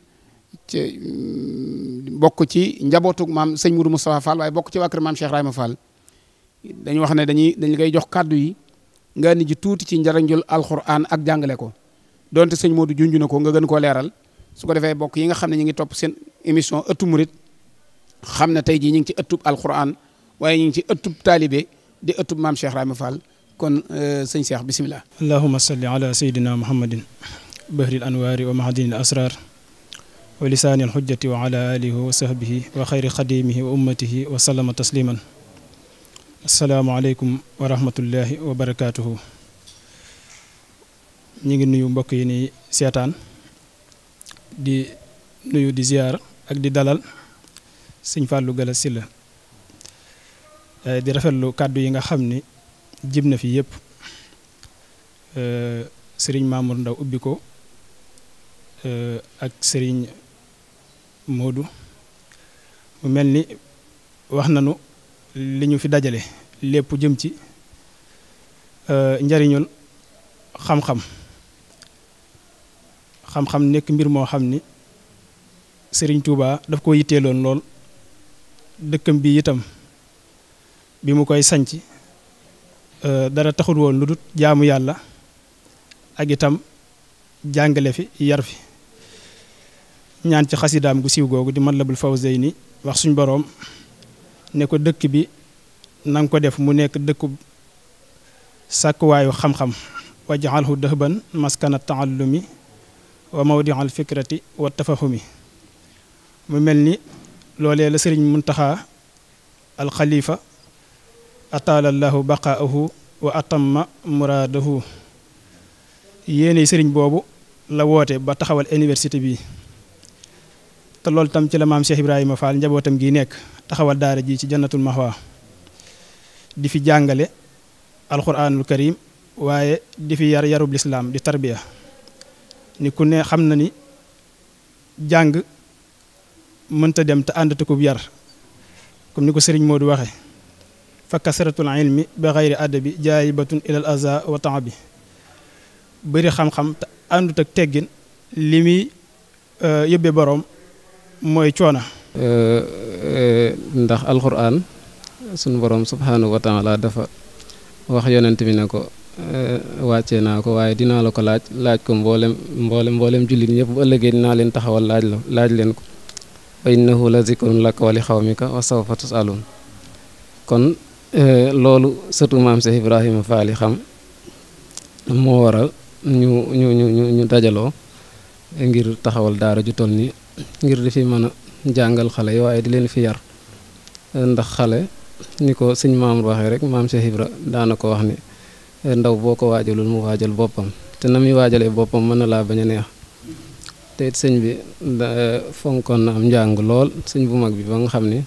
[SPEAKER 1] ci mm, bokk ci njabootu maam sëñ Mourou Moustapha Fall waaye bokk ci waa kër maam Cheikh Rahima Fall dañu wax ne dañuy dañ koy jox kàddu yi nga ni ji tuuti ci njariñul alxuraan ak jàngale ko donte sëñ moodu junj na ko nga gën koo leeral su ko defee bokk yi nga xam ne ñu ngi topp seen émission ëttu murit xam ne tey jii ñu ngi ci ëttub alquran waaye ñu ngi ci ëttub taalibe di ëttub maam Cheikh Rahma Fall kon euh, sëñ Cheikh bisimilah.
[SPEAKER 5] allahumma salli ala sayyidina muhammadin bahril anwaari wa mahadinil asrar wa lisaani alxujjati wa ala wa sahbihi wa xayri xadimihi wa ummatihi wa sallama tasliman asalaamaaleykum wa rahmatullahi wa barakaatuhu. ñu ngi nuyu mbokk yi ni seetaan di nuyu di ziar ak di dalal sëñ gala Galass Sylla eh, di rafetlu kàddu yi nga xam ni jib na fi yëpp eh, sëriñ Mamour Ndaw ubbi ko eh, ak sëriñ Modou mu mel ni wax nanu li ñu fi dajale lépp jëm ci njariñul xam-xam xam-xam nekk mbir moo xam ni sëriñ tuuba daf ko yitteeloon lool dëkkam bi itam bi mu koy sanc euh, dara taxul woon lu dul jaamu yàlla ak itam jàngale fi yar fi ñaan ci xasidaam gu siiw googu di Matlabul Fawzayni wax suñ boroom ne ko dëkk bi na ko def mu nekk dëkkub sàkkuwaayu xam-xam waj'alhu dahban maskana taallumi wa mawdiu al fikrati wa tafahumi mu mel ni loolee la sëriñ muntaxa al xalifa ataalallahu baqaahu wa atamma muraadahu yéene sëriñ boobu la woote ba taxawal université bi te loolu tam ci la maam Cheikh Ibrahima Fall njabootam gi nekk taxawal daara ji ci jannatul mahwa di fi jàngale alquranul karim waaye di fi yar yarub lislaam di tarbiya ni ku ne xam na ni jàng mënta dem te ànd takub yar comme ni ko sëriñ Modou waxe fa kasratul ilmi bi xayri adabi jaayibatun ilal aza wa taabi bëri xam-xam te àndut ak teggin
[SPEAKER 6] li muy euh, yóbbee boroom mooy coona euh, euh, ndax alxuraan sunu boroom subhaanahu wa taala dafa wax yonent bi ne ko Eh, wàccee naa ko waaye dinaa la ko laaj laaj ko mboolem mboolem mboolem jullit ñëpp bu ëllëgee dinaa leen taxawal laaj la laaj leen ko wa innahu la zikrun laka wa li xawmika wa sawfa eh, loolu sëtu maam Ibrahima Faal xam moo waral ñu ñu dajaloo ngir taxawal daara ju toll ngir di fi mën a jàngal xale yi waaye di leen fi yar eh, ndax xale ni ko suñ maam waxee rek maam Seex Ibra daana ko wax ni ndaw boo ko waajalul mu waajal boppam te na muy waajalee boppam mën na laa bañ a neex te sëñ bi fonkoon na am njàng lool sëñ bu mag bi ba nga xam ne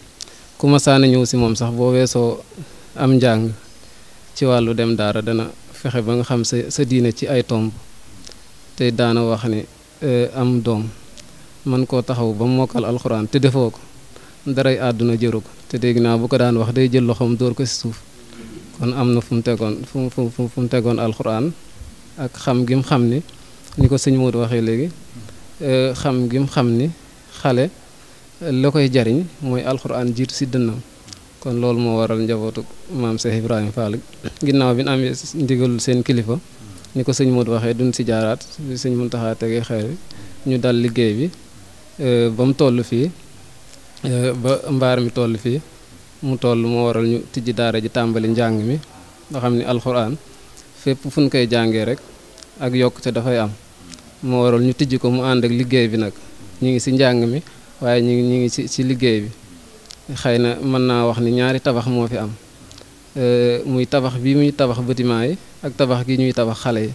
[SPEAKER 6] ku ma saana ñëw si moom sax boo weesoo am njàng ci wàllu dem daara dana fexe ba nga xam sa sa diine ci ay tomb te daana wax ne am doom man koo taxaw ba mokkal alxuraan te defoo ko daray àdduna jëru ko te dégg naa bu ko daan wax day jël loxoom dóor ko si suuf kon am na fu mu tegoon fu fu fu tegoon alxuraan ak xam gi mu xam ni ni ko sëñ Modou waxee léegi euh, xam gi mu xam ni xale la koy jariñ mooy alxuraan jiitu si dënnam kon loolu moo waral njabootu maam seen Ibrahima Fall ginnaaw bi ñu amee ndigalul seen kilifa ni ko sëñ Modou waxee duñ si jaaraat sëñ Mountakha tegee xeer bi ñu dal liggéey bi euh, ba mu toll fii euh, ba mbaar mi toll fii mu toll moo waral ñu tijji daara ji tàmbali njàng mi nga xam ni alxuraan fépp fu ñu koy jàngee rek ak yokkute dafay am moo waral ñu tijj ko mu ànd ak liggéey bi nag ñu ngi ci njàng mi waaye ñu ngi ñu ngi ci ci liggéey bi xëy na mën naa wax ni ñaari tabax moo fi am muy tabax bii muy tabax bâtiment yi ak tabax gi ñuy tabax xale yi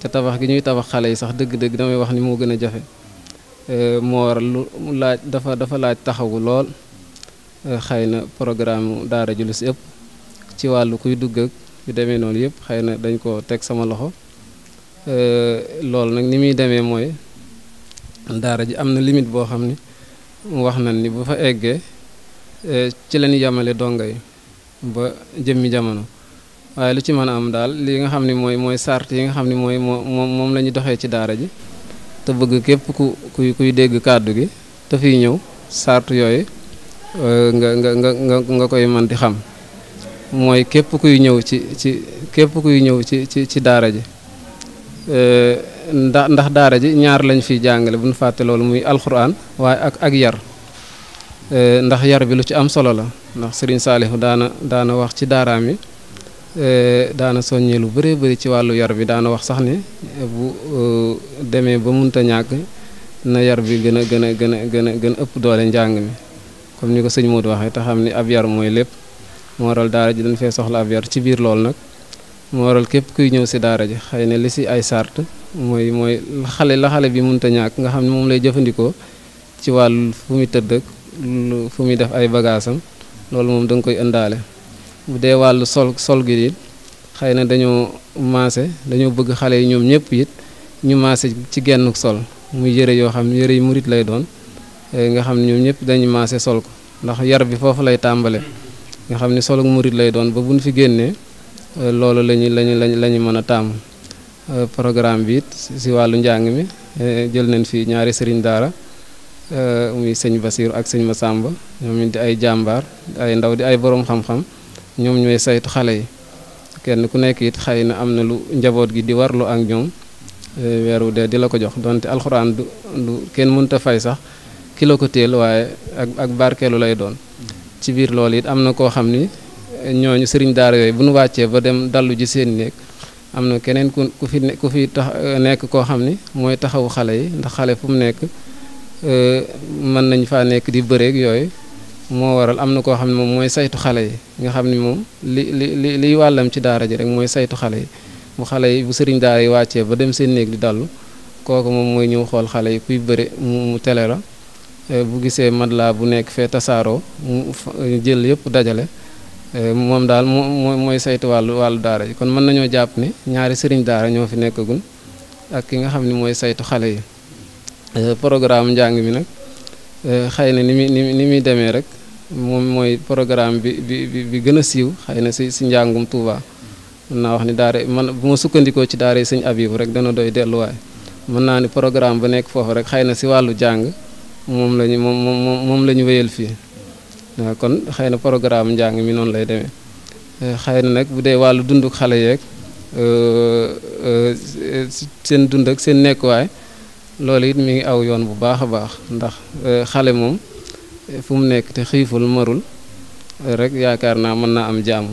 [SPEAKER 6] te tabax gi ñuy tabax xale yi sax dëgg-dëgg damay wax ni moo gën a jafe moo waral lu laaj dafa dafa laaj taxawu lool Euh, xëy na programme daara ji lu si ëpp ci wàllu kuy dugg ak yu demee noonu yëpp xëy na dañ ko teg sama loxo euh, loolu nag ni muy demee mooy daara ji am na limite boo xam ne wax na ni bu fa eggee euh, ci lañu yamale donga yi ba jëmmi jamono waaye lu ci mën a am daal li nga xam ne mooy mooy sart yi nga xam ne mooy moom moom la ñu doxee ci daara ji te bëgg képp ku kuy kuy dégg kàddu gi te fiy ñëw sart yooyu Euh, nga nga nga nga koy man di xam mooy képp kuy ñëw ci ci képp kuy ñëw ci ci ci daara ji euh, ndax ndax daara ji ñaar lañ fiy jàngale bu ñu fàtte loolu muy alxuraan waaye ak ak yar euh, ndax yar bi lu ci am solo la ndax Serigne Saalihu daana daana wax ci daaraam yi daana soññee lu bëree bëri ci wàllu yar bi daana wax sax ni bu demee ba munta ñàkk na yar bi gën a gën a gën a gën a gën a ëpp doole njàng mi comme ni ko sëñ Modou waxee te xam ni ab yar mooy lépp moo waral daara ji dañ fee soxla ab yar ci biir loolu nag moo waral képp kuy ñëw si daara ji xëy na li si ay sart mooy mooy xale la xale bi mënta ñàkk nga xam ne moom lay jëfandikoo ci wàllu fu muy tëdd fu muy def ay bagaasam loolu moom da koy ëndaale bu dee wàllu sol sol gi it xëy na dañoo maase dañoo bëgg xale yi ñoom ñëpp it ñu maase ci genn sol muy yëre yoo xam ne yëre yi murit lay doon Eh, nga xam ne ñoom ñëpp dañu maase sol ko ndax yar bi foofu lay tàmbale nga xam ne solu morit lay doon ba bu buñ fi génnee eh, loolu lañu lañu lañu la mën a tàmm eh, programme bi it si wàllu njàng mi jël nañ fi ñaari sëriñ daara muy sëñ Basiir ak sëñ Masamba ñoom it di ay jàmbaar ay ndaw di ay borom xam-xam ñoom ñooy saytu xale yi kenn ku nekk it xëy na am na lu njaboot gi di warlu ak ñoom weeru de di la ko jox donte alxuraan du du kenn mënta fay sax kilo la ko téel waaye ak ak barkeelu lay doon ci biir lool yit am na koo xam ni ñooñu sëriñ daara yooyu bu nu wàccee ba dem dallu ji seen néeg am na keneen ku ku fi ku fi euh, nekk koo xam ni mooy taxawu xale yi ndax xale fu mu nekk euh, mën nañ faa nekk di bëreeg yooyu moo waral am na koo xam ne moom mooy saytu xale yi nga xam ni moom li li li liy wàllam ci daara ji rek mooy saytu xale yi bu xale yi bu sëriñ daara yi wàccee ba dem seen néeg di dallu kooku moom mooy ñëw xool xale yi kuy bëre mu tele la Eh, bu gisee laa bu nekk fee tasaaroo mu jël yëpp dajale eh, moom daal moo mooy saytu wàllu wàllu daara yi kon mën nañoo jàpp ni ñaari sëriñ daara ñoo fi nekkagun ak ki nga xam ni mooy saytu xale yi eh, programme njàng mi nag xëy na ni muy ni muy demee rek moom mooy programme bi bi bi gën a siiw xëy na si si njàngum tuubaa mën naa wax ni daara man bu ma sukkandikoo ci daara yi sëñ Abibu rek dana doy delluwaay mën naa ni programme ba nekk foofu rek xëy na si wàllu jàng moom lañu moom moom moom la ñu wéyal fii waaw kon xëy na programme njàng mi noonu lay demee euh, xëy nag bu dee wàllu dunduk xale yeeg euh, euh, seen dund ak seen nekkuwaay loolu it mi ngi aw yoon bu baax a baax ndax xale moom fu mu nekk te xiiful marul rek yaakaar naa mën naa am jàmm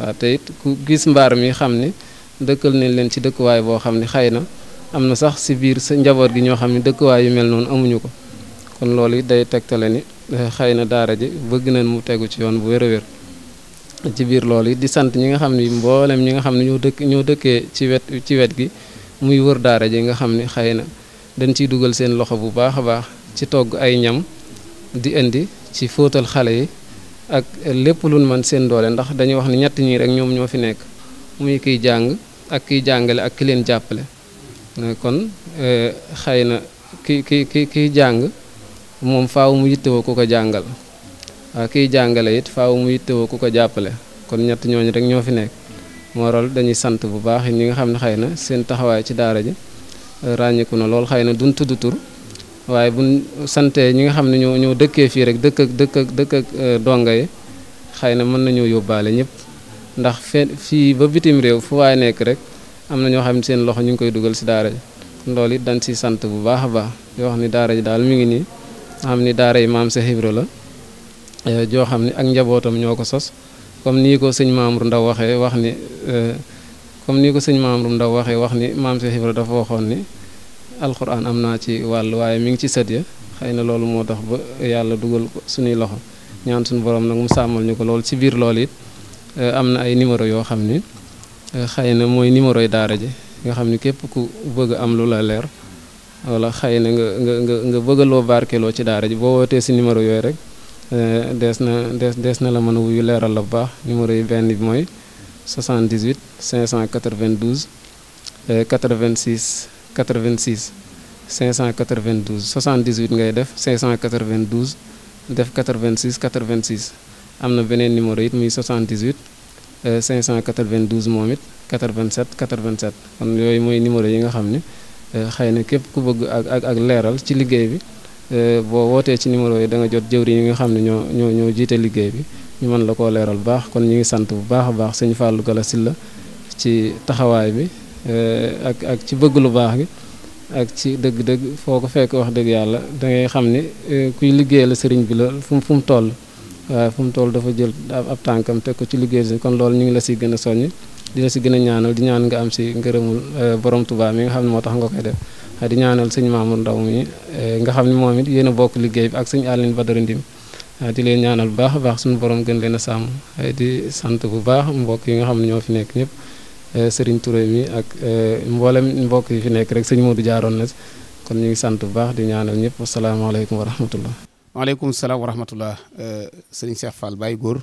[SPEAKER 6] waaw te it ku gis mbaar mi xam ni dëkkal nañ leen ci dëkkuwaay boo xam ni xëy na am na sax si biir sa njaboot gi ñoo xam ni dëkkuwaay yu mel noonu amuñu ko kon loolu it day tegtale ni eh, xëy na daara ji bëgg nañ mu tegu ci yoon bu wér a wér ci biir lool yi di sant ñi nga xam ni mboolem ñi nga xam ne ñoo dëkk ñoo dëkkee ci wet ci wet gi muy wër daara ji nga xam ni xëy na dañ ciy dugal seen loxo bu baax a baax ci togg ay ñam di indi ci fóotal xale yi ak lépp luñ mën seen doole ndax dañuy wax ni ñett ñii rek ñoom ñoo fi nekk muy kiy jàng ak kiy jàngale ak ki leen jàppale eh, kon eh, xëy na ki ki ki kiy jàng moom faaw mu yittewoo ku ko jàngal ah, kiy jàngale it faaw mu yittewoo ku ko jàppale kon ñett ñooñu rek ñoo fi nekk mooral dañuy sant bu baax ñi nga xam ne xëy na seen taxawaay ci daara ji eh, ràññiku na lool xëy na duñ tudd waaye buñ santee ñi nga xam ne ñoo ñoo dëkkee fii rek dëkk ak dëkk ak dëkk ak eh, donga yi xëy na mën nañoo yóbbaale ñëpp ndax fe fii ba bitim réew fu nekk rek am na ñoo xam seen loxo ñu ngi koy dugal si daara ji loolu dañ siy sant bu baax a baax yoo xam ne daara ji daal mi ngi nii xam ni daara yi maam Cheikh Ibra la eh, joo xam ni ak njabootam ñoo ko sos comme nii ko sëñ Mamour Ndaw waxee wax ni eh, comme nii ko sëñ Mamour Ndaw waxee wax ni maam Cheikh Ibra dafa waxoon ni alxuraan am naa ci wàll waaye mi ngi ci sët ya xëy na loolu moo tax ba yàlla dugal ko suñuy loxo ñaan suñu borom nag mu sàmmal ñu ko loolu ci biir lool it eh, am na ay numéro yoo xam ni xëy na mooy numéro yi daara ji nga xam ni képp ku bëgg am lu la leer wala xëy na nga nga nga nga bëggaloo barkeloo ci daara ji boo wootee si numéro yooyu rek eh, dees na dees dees na la mën a wuyu leeral la bu baax numéro yi benn bi mooy 78 592 86 86 592 78 ngay def 592 def 86 86 am na beneen numéro yi muy 78 592 eh, moom it 87 87 kon yooyu mooy numéro yi nga xam ni Eh, xëy na képp ku bëgg ak ak ak leeral ci liggéey bi eh, boo wootee ci numéro yi da nga jot jëwriñ yi nga xam ne ñoo ñoo ñoo jiite liggéey bi ñu mën la koo leeral baax kon ñu ngi sant bu baax a baax sëñ Fallou Gala Sylla ci taxawaay bi eh, ak ak ci bëgg lu baax gi ak ci dëgg-dëgg foo ko fekk wax dëgg yàlla dangay xam ne kuy liggéeyal sëriñ bi la fu fu mu toll waaye fu mu toll dafa jël ab tànkam teg ko ci liggéey bi kon loolu ñu ngi la si gën a soññ di si gën a ñaanal di ñaan nga am si ngërëmul eh, borom tubaab mi nga xam ne moo tax nga koy def ah, di ñaanal sëñ Mamour Ndaw mi eh, nga xam ne moom it yéen a bokk liggéey bi ak sëñ Aline Badara Ndim ah, di leen ñaanal bu baax a baax suñu borom gën leen a sàmm eh, di sant bu baax mbokk yi nga xam ne ñoo fi nekk ñëpp sëriñ Touré mi ak mboolem mbokk yi fi nekk rek sëñ di jaaroon na kon ñu ngi sant bu baax di ñaanal ñëpp asalaamaaleykum wa rahmatullah.
[SPEAKER 1] waaleykum salaam wa rahmatullah sëriñ Cheikh Fall Baye Góor.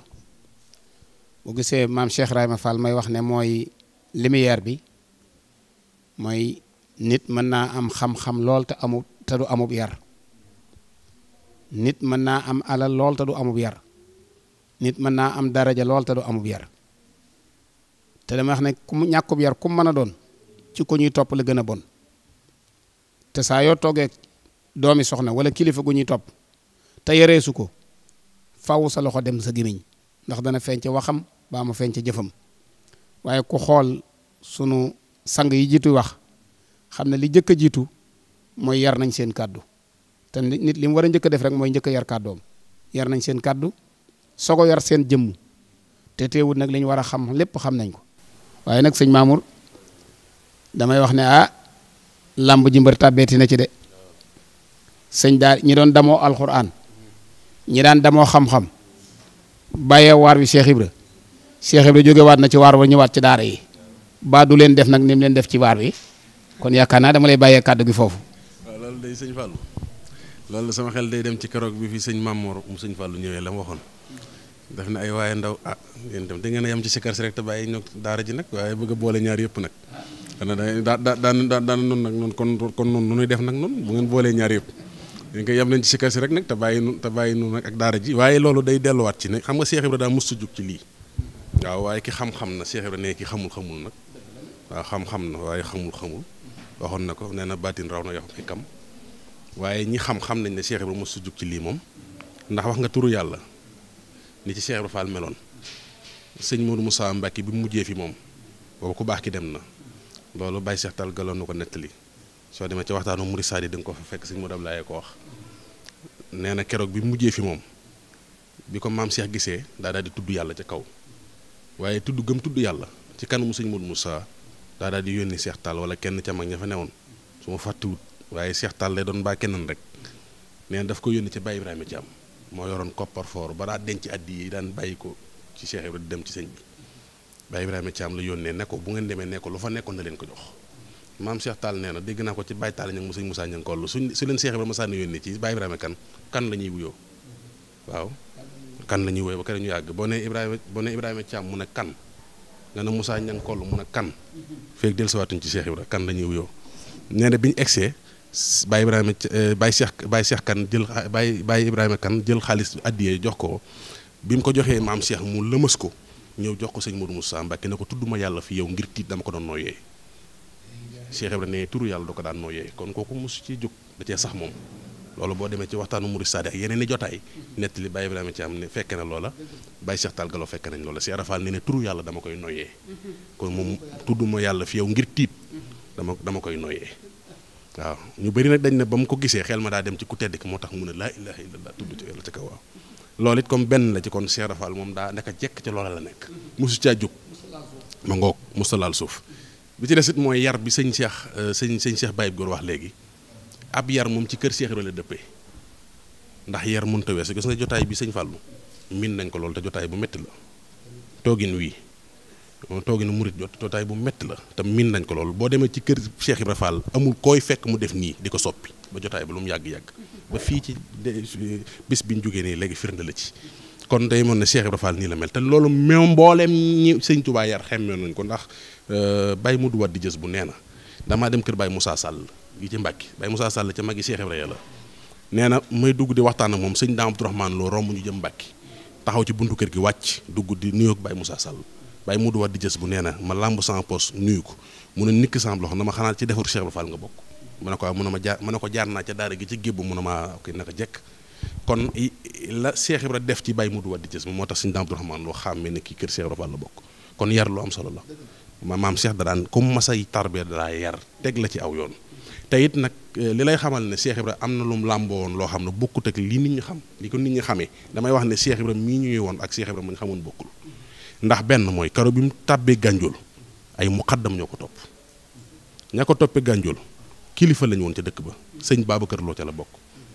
[SPEAKER 1] bu gisee maam Cheikh Ibrahima Fall may wax ne mooy lumière bi mooy nit mën naa am xam-xam lool te amub te du amub yar nit mën naa am alal lool te du amub yar nit mën naa am daraja lool te du amub yar te dama wax ne ku mu ñàkkub yar ku mën a doon ci ko ñuy topp la gën a bon te saa yoo toogee doomi soxna wala kilifa gu ñuy topp te yareesu ko faw sa loxo dem sa gémmiñ ndax dana feeñce waxam baa mu feeñ ca jëfam waaye ku xool sunu sang yi jiitu wax xam ne li njëkk a jiitu mooy yar nañ seen kàddu te nit li mu war a njëkk a def rek mooy njëkk yar kàddoom yar nañ seen kàddu sogo yar seen jëmm te teewul nag li ñu war a xam lépp xam nañ ko waaye nag sëñ Mamour damay wax ne ah làmb ji mbër na ci de sëñ daa ñi doon damoo alxuraan ñi daan damoo xam-xam bàyyee waar wi Cheikh Ibra Cheikh jóge waat na ci waar wa ñëwaat ci daara yi ba du leen def nag ni leen def ci waar bi kon yaakaar naa dama lay bàyyee kàddu gi foofu.
[SPEAKER 2] waaw loolu day sëñ Fallou loolu sama xel day dem ci keroog bi fi sëñ Mamour mu um sëñ Fallou ñëwee la mu waxoon def na ay waaye ndaw ah yéen itam da ngeen a yem ci sikar si rek te bàyyi ñoog daara ji nag waaye bëgg boole ñaar yëpp nag. xanaa da daa daa daa noonu nag noonu kon kon noonu nu ñuy def nag noonu bu ngeen boolee ñaar yëpp. dañ koy yem nañ ci sikkar rek nag te bàyyi te bàyyi nu nag ak daara ji waaye loolu day delluwaat ci ne xam nga Cheikh Ibra daa mës jug ci lii waaw waaye ki xam-xam na Cheikh Ibra ne ki xamul xamul nag waaw xam-xam waaye xamul xamul waxoon na ko nee na baatin na yoo xam waaye ñi xam-xam nañ ne Cheikh Ibra mës jug ci lii moom ndax wax nga turu yàlla ni ci Cheikh Ibra Fall meloon sëñ Modou saa Mbacke bi mu mujjee fi moom boobu ku baax ki dem na loolu Baye Cheikh galoon na ko nettali soo demee ci waxtaanu Mouride Sadi da nga ko fa fekk sëñ Modou Ablaye ko wax nee na keroog bi mujjee fi moom bi ko maam seex gisee daa daal di tudd yàlla ca kaw waaye tudd gëm tudd yàlla ci kanamu sëñ Modou Moussa daa daal di yónni Cheikh Tall wala kenn ca mag ña fa newoon su ma fàttiwut waaye seex Tall lay doon baa kennan rek nee na daf ko yónni ca Baye Ibrahima Thiam moo yoroon kopparfoor ba daa denc addi yi daan bàyyi ko ci Cheikh di dem ci sëñ bi Baye Ibrahima Thiam la yónnee ne ko bu ngeen demee ne lu fa nekkoon na leen ko jox. maam Cheikh Tall nee na dégg naa ko ci Baye Tall ñang mu sëñ Moussa ñang koll suñ su leen Cheikh Ibrahima Sane kan kan la ñuy wuyoo waaw kan la ñuy wuyoo ba kër ñu àgg boo ne Ibrahima boo ne Ibrahima Thiam mu ne kan nga ne Moussa ñang koll mu ne kan feeg dellusiwaatuñ ci Cheikh Ibrahima kan la ñuy wuyoo nee bi ñu egsee Baye Ibrahima eh, Baye Cheikh Baye Cheikh kan jël Baye Baye Ibrahima kan jël xaalis addiyee jox ko bi mu ko joxee maam Cheikh mu lëmas ko ñëw jox ko sëñ Modou Moussa Mbacke ne ko tudd ma yàlla fi yow ngir tiit dama ko doon nooyee Cheikh Ibrahima ne turu yàlla du ko daan nooyee kon kooku mosu ci jóg da sax moom loolu boo demee ci waxtaanu Mouride Sade ak i jotaay nett li Baye Ibrahima Thiam ne na loola Baye Cheikh Tall Galo fekke nañ loola Cheikh Ibra Fall ne ne turu yàlla koy noyee kon moom tudduma yàlla fi ngir tiit dama dama koy noyee ñu bëri nag dañ ne ba mu ko gisee xel ma daa dem ci ku tedd moo tax mu ne laa ilaha illallah tudd ci kaw waaw loolu it benn la ci kon Cheikh Ibra moom daa naka ca loola la nekk mosu caa jóg ma ngoog suuf bi ci des mooy yar bi sëñ seex euh, sëñ sëñ Cheikh Baye Góor wax léegi ab yar moom ci kër Cheikh Ibra la dëppee ndax yar mun tawee weesu gis nga jotaay bi sëñ Fallou miin nañ ko lool te jotaay bu métti la toogin wii tooginu murit jot jotaay bu métti la te miin nañ ko lool boo demee ci kër Cheikh Ibra Fall amul kooy fekk mu def nii di ko soppi ba jotaay ba mu yàgg-yàgg ba fii ci bis bi ñu jógee nii léegi firnde la ci kon day mën ne Cheikh Ibra Fall nii mel te loolu même mbooleem ñi sëñ Touba yar xemmee nañ ko ndax Euh, Baye Modou di jës bu nee na damaa dem kër Baye Moussa Sall gi ci Mbàkke Baye Moussa Sall ca magi Cheikh Ibrahima la nee na may dugg di waxtaan ak moom sëñ Daam Abdourahmane loo romb ñu jëm Mbàkke taxaw ci buntu kër gi wàcc dugg di nuyoog Baye Moussa Sall Baye Modou Wade jës bu nee na ma lamb sans pos ko mu ne nikk sama loxo na ma xanaa ci defar Cheikh Ibra Fall nga bokk mu ne ko mu ma jaar mu ko jaar naa ca daara gi ci gébbu mu ne ma ok jekk kon la Cheikh Ibra def ci Baye Modou Wade jës moo tax sëñ Daam Abdourahmane loo xàmmee ne kii kër Cheikh Ibra la bokk kon yar lu am solo la ma maam Cheikh daan comme masay tarbiya dara yar teg la ci aw yoon te it nag eh, li lay xamal ne Cheikh Ibra am na lum làmboo woon loo xam ne bokkut ak li nit ñi xam li ko nit ñi xamee damay wax ne Cheikh Ibra mii ñuy woon ak Cheikh Ibra mu ñu xamoon bokkul ndax benn mooy karo bi mu tàbbee gànjul ay muqaddam ñoo ko topp ña ko toppee gànjul kilifa lañu woon ca dëkk ba sëñ kër loo ca la bokk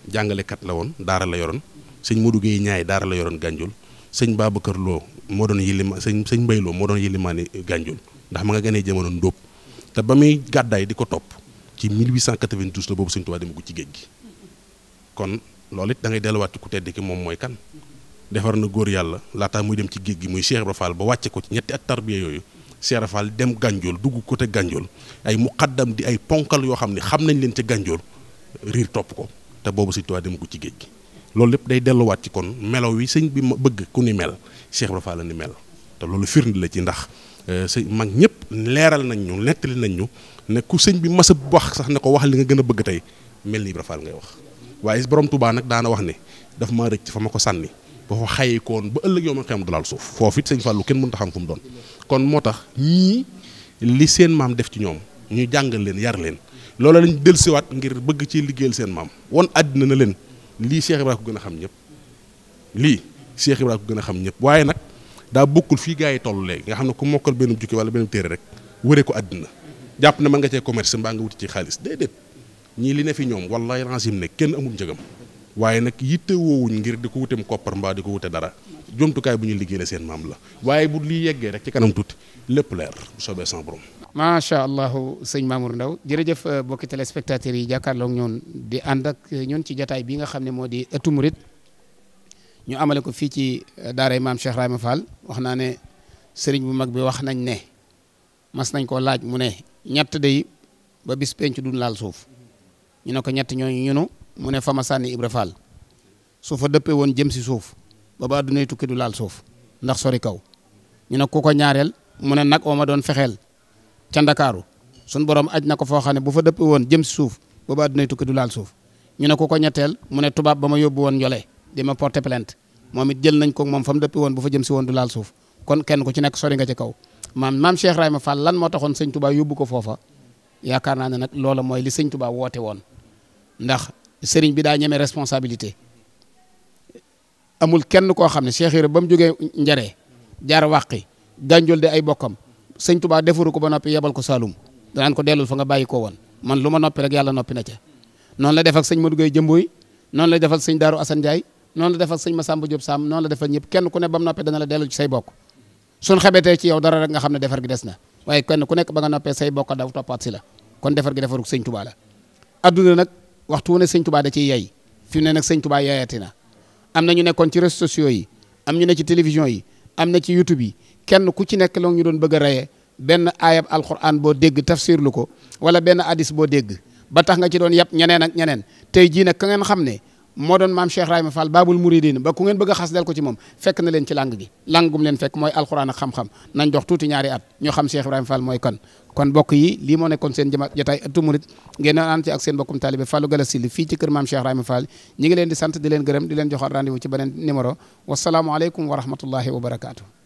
[SPEAKER 2] jàngalekat la woon daara la yoroon sëñ Modou Guèye ñaay daara la yoroon gànjul sëñ Babacar Lo moo doon yilimaa sëñ sëñ Mbaye moo doon yilimaani gànjul ndax ma nga gënee jamono ndóob te ba muy gàddaay di ko topp ci 1892 la boobu Sëñ Tuubaa demagul ci géej gi kon loolu it da ngay delluwaat ci ku tedd ki moom mooy kan defar na góor yàlla laataa muy dem ci géej gi muy Cheikh Ibra ba wàcce ko ci ñetti at tarbiya yooyu Cheikh Ibra dem gànjool dugg côté gànjool ay muqaddam di ay ponkal yoo xam ne xam nañ leen ca gànjool riir topp ko te boobu Sëñ Tuubaa demagul ci géej gi loolu lépp day delluwaat ci kon melaw wi sëñ bi ma bëgg ku ni ni mel te loolu firnde la ci ndax Euh, sëñ mag ñëpp leeral nañ ñu nettali nañ ñu ne ku sëñ bi mas bu wax sax ne ko wax li nga gën a bëgg tey mel ni Ibra Fall ngay wax waaye borom Tuubaa nag daana wax ne daf ma rëcc fa ma ko sànni ba fa xayikoon ba ëllëg yow ma xam du laal suuf foofu it sëñ Fallou kenn mënta xam fu mu doon kon moo tax ñii li seen maam def ci ñoom ñu jàngal leen yar leen loola lañ dellusiwaat ngir bëgg ci liggéeyal seen maam won àddina na leen lii Cheikh Ibrahima ko gën a xam ñëpp lii Cheikh Ibrahima daa bokkul fii gars yi toll léegi nga xam ne ku mokkal benn jukki wala benn téere rek wëree ko àddina jàpp na mën nga cee commerce mbaa nga wuti ci xaalis déedéet ñii li ne fi ñoom wallaay rancim ne kenn amul njëgam waaye nag yitte woowuñ ngir di ko wutem koppar mbaa di ko wute dara jomtukaay bu ñu liggéey la seen maam la waaye bu lii yeggee rek ci kanam tuuti lépp leer bu soobee sans borom
[SPEAKER 1] macha allah sëñ Mamour Ndao jërëjëf euh, mbokki téléspectateurs yi jàkkaarloog ñoon di ànd ak euh, ñun ci jataay bi nga xam ne moo di ëttu ñu amale ko fii ci euh, daaray maam Cheikh Rahma Fall wax naa ne sëriñ bu mag bi wax nañ ne mas nañ koo laaj mu ne ñett day ba bis penc duñ laal suuf ñu ne ko ñett ñooñu ñunu mu ne fa ma sànni Ibra Fall fa dëppee woon jëm si suuf ba ba addunay du laal suuf ndax sori kaw ñu ne ku ko ñaareel mu ne nag oo ma doon fexeel ca Ndakaaru sun borom aj na ko foo xam ne bu fa dëppee woon jëm si suuf ba ba addunay tukki du laal suuf ñu ne ko ko ñetteel mu ne tubaab ba ma yóbbu woon Njole di ma porter plainte moom it jël nañ ko moom fa mu dëppi woon bu fa jëm si woon du laal suuf kon kenn ku ci nekk sori nga ci kaw maam maam Cheikh Ibrahima Fall lan moo taxoon sëñ Touba yóbbu ko foofa yaakaar naa ne nag loola mooy li sëñ Touba woote woon ndax sëriñ bi daa ñeme responsabilité amul kenn koo xam ne Cheikh Ibrahima ba mu jógee njaree jaar wàqi gànjol de ay bokkam sëñ Touba defaru ko ba noppi yebal ko Saloum danaan ko dellul fa nga bàyyi ko woon man lu ma noppi rek yàlla noppi na ca noonu la sëñ Modou noonu la defal sëñ Massamba Diop Samb noonu la defal ñëpp kenn ku ne ba mu noppee dana la dellu ci say bokk suñ xebetee nga xam ne defar gi des na waaye kenn ku nekk ba nga noppee say bokk daw toppaat si la kon defar gi defarug sëñ Touba la adduna nag waxtu ne sëñ Touba da ciy yey fi mu ne nag sëñ Touba yeyati na am na ñu nekkoon ci réseaux sociaux yi am ñu ne ci télévision yi am na ci YouTube yi kenn ku ci nekk la ñu doon bëgg reyee benn aayab alquran boo dégg tafsir lu ko wala benn hadis boo dégg ba tax nga ci doon yàpp ñeneen ak ñeneen tey jii nag ka ngeen xam ne moo doon maam Cheikh Rahima Fall Babul Mouridine ba ku bëgg a xas del ko ci moom fekk na leen ci lang gi lang gum leen fekk mooy alxuraan xam-xam nañ dox tuuti ñaari at ñu xam Cheikh Ibrahima Fall mooy kan kon bokk yi lii moo nekkoon seen jëma jotaay ëttu murit ngeen aan ci ak seen bokkum taalibe Fallou Galass Syll fii ci maam Cheikh Rahima Fall ñi leen di sant di leen gërëm di leen joxaat rendez-vous ci beneen numéro wasalaamualeykum wa rahmatullahi wa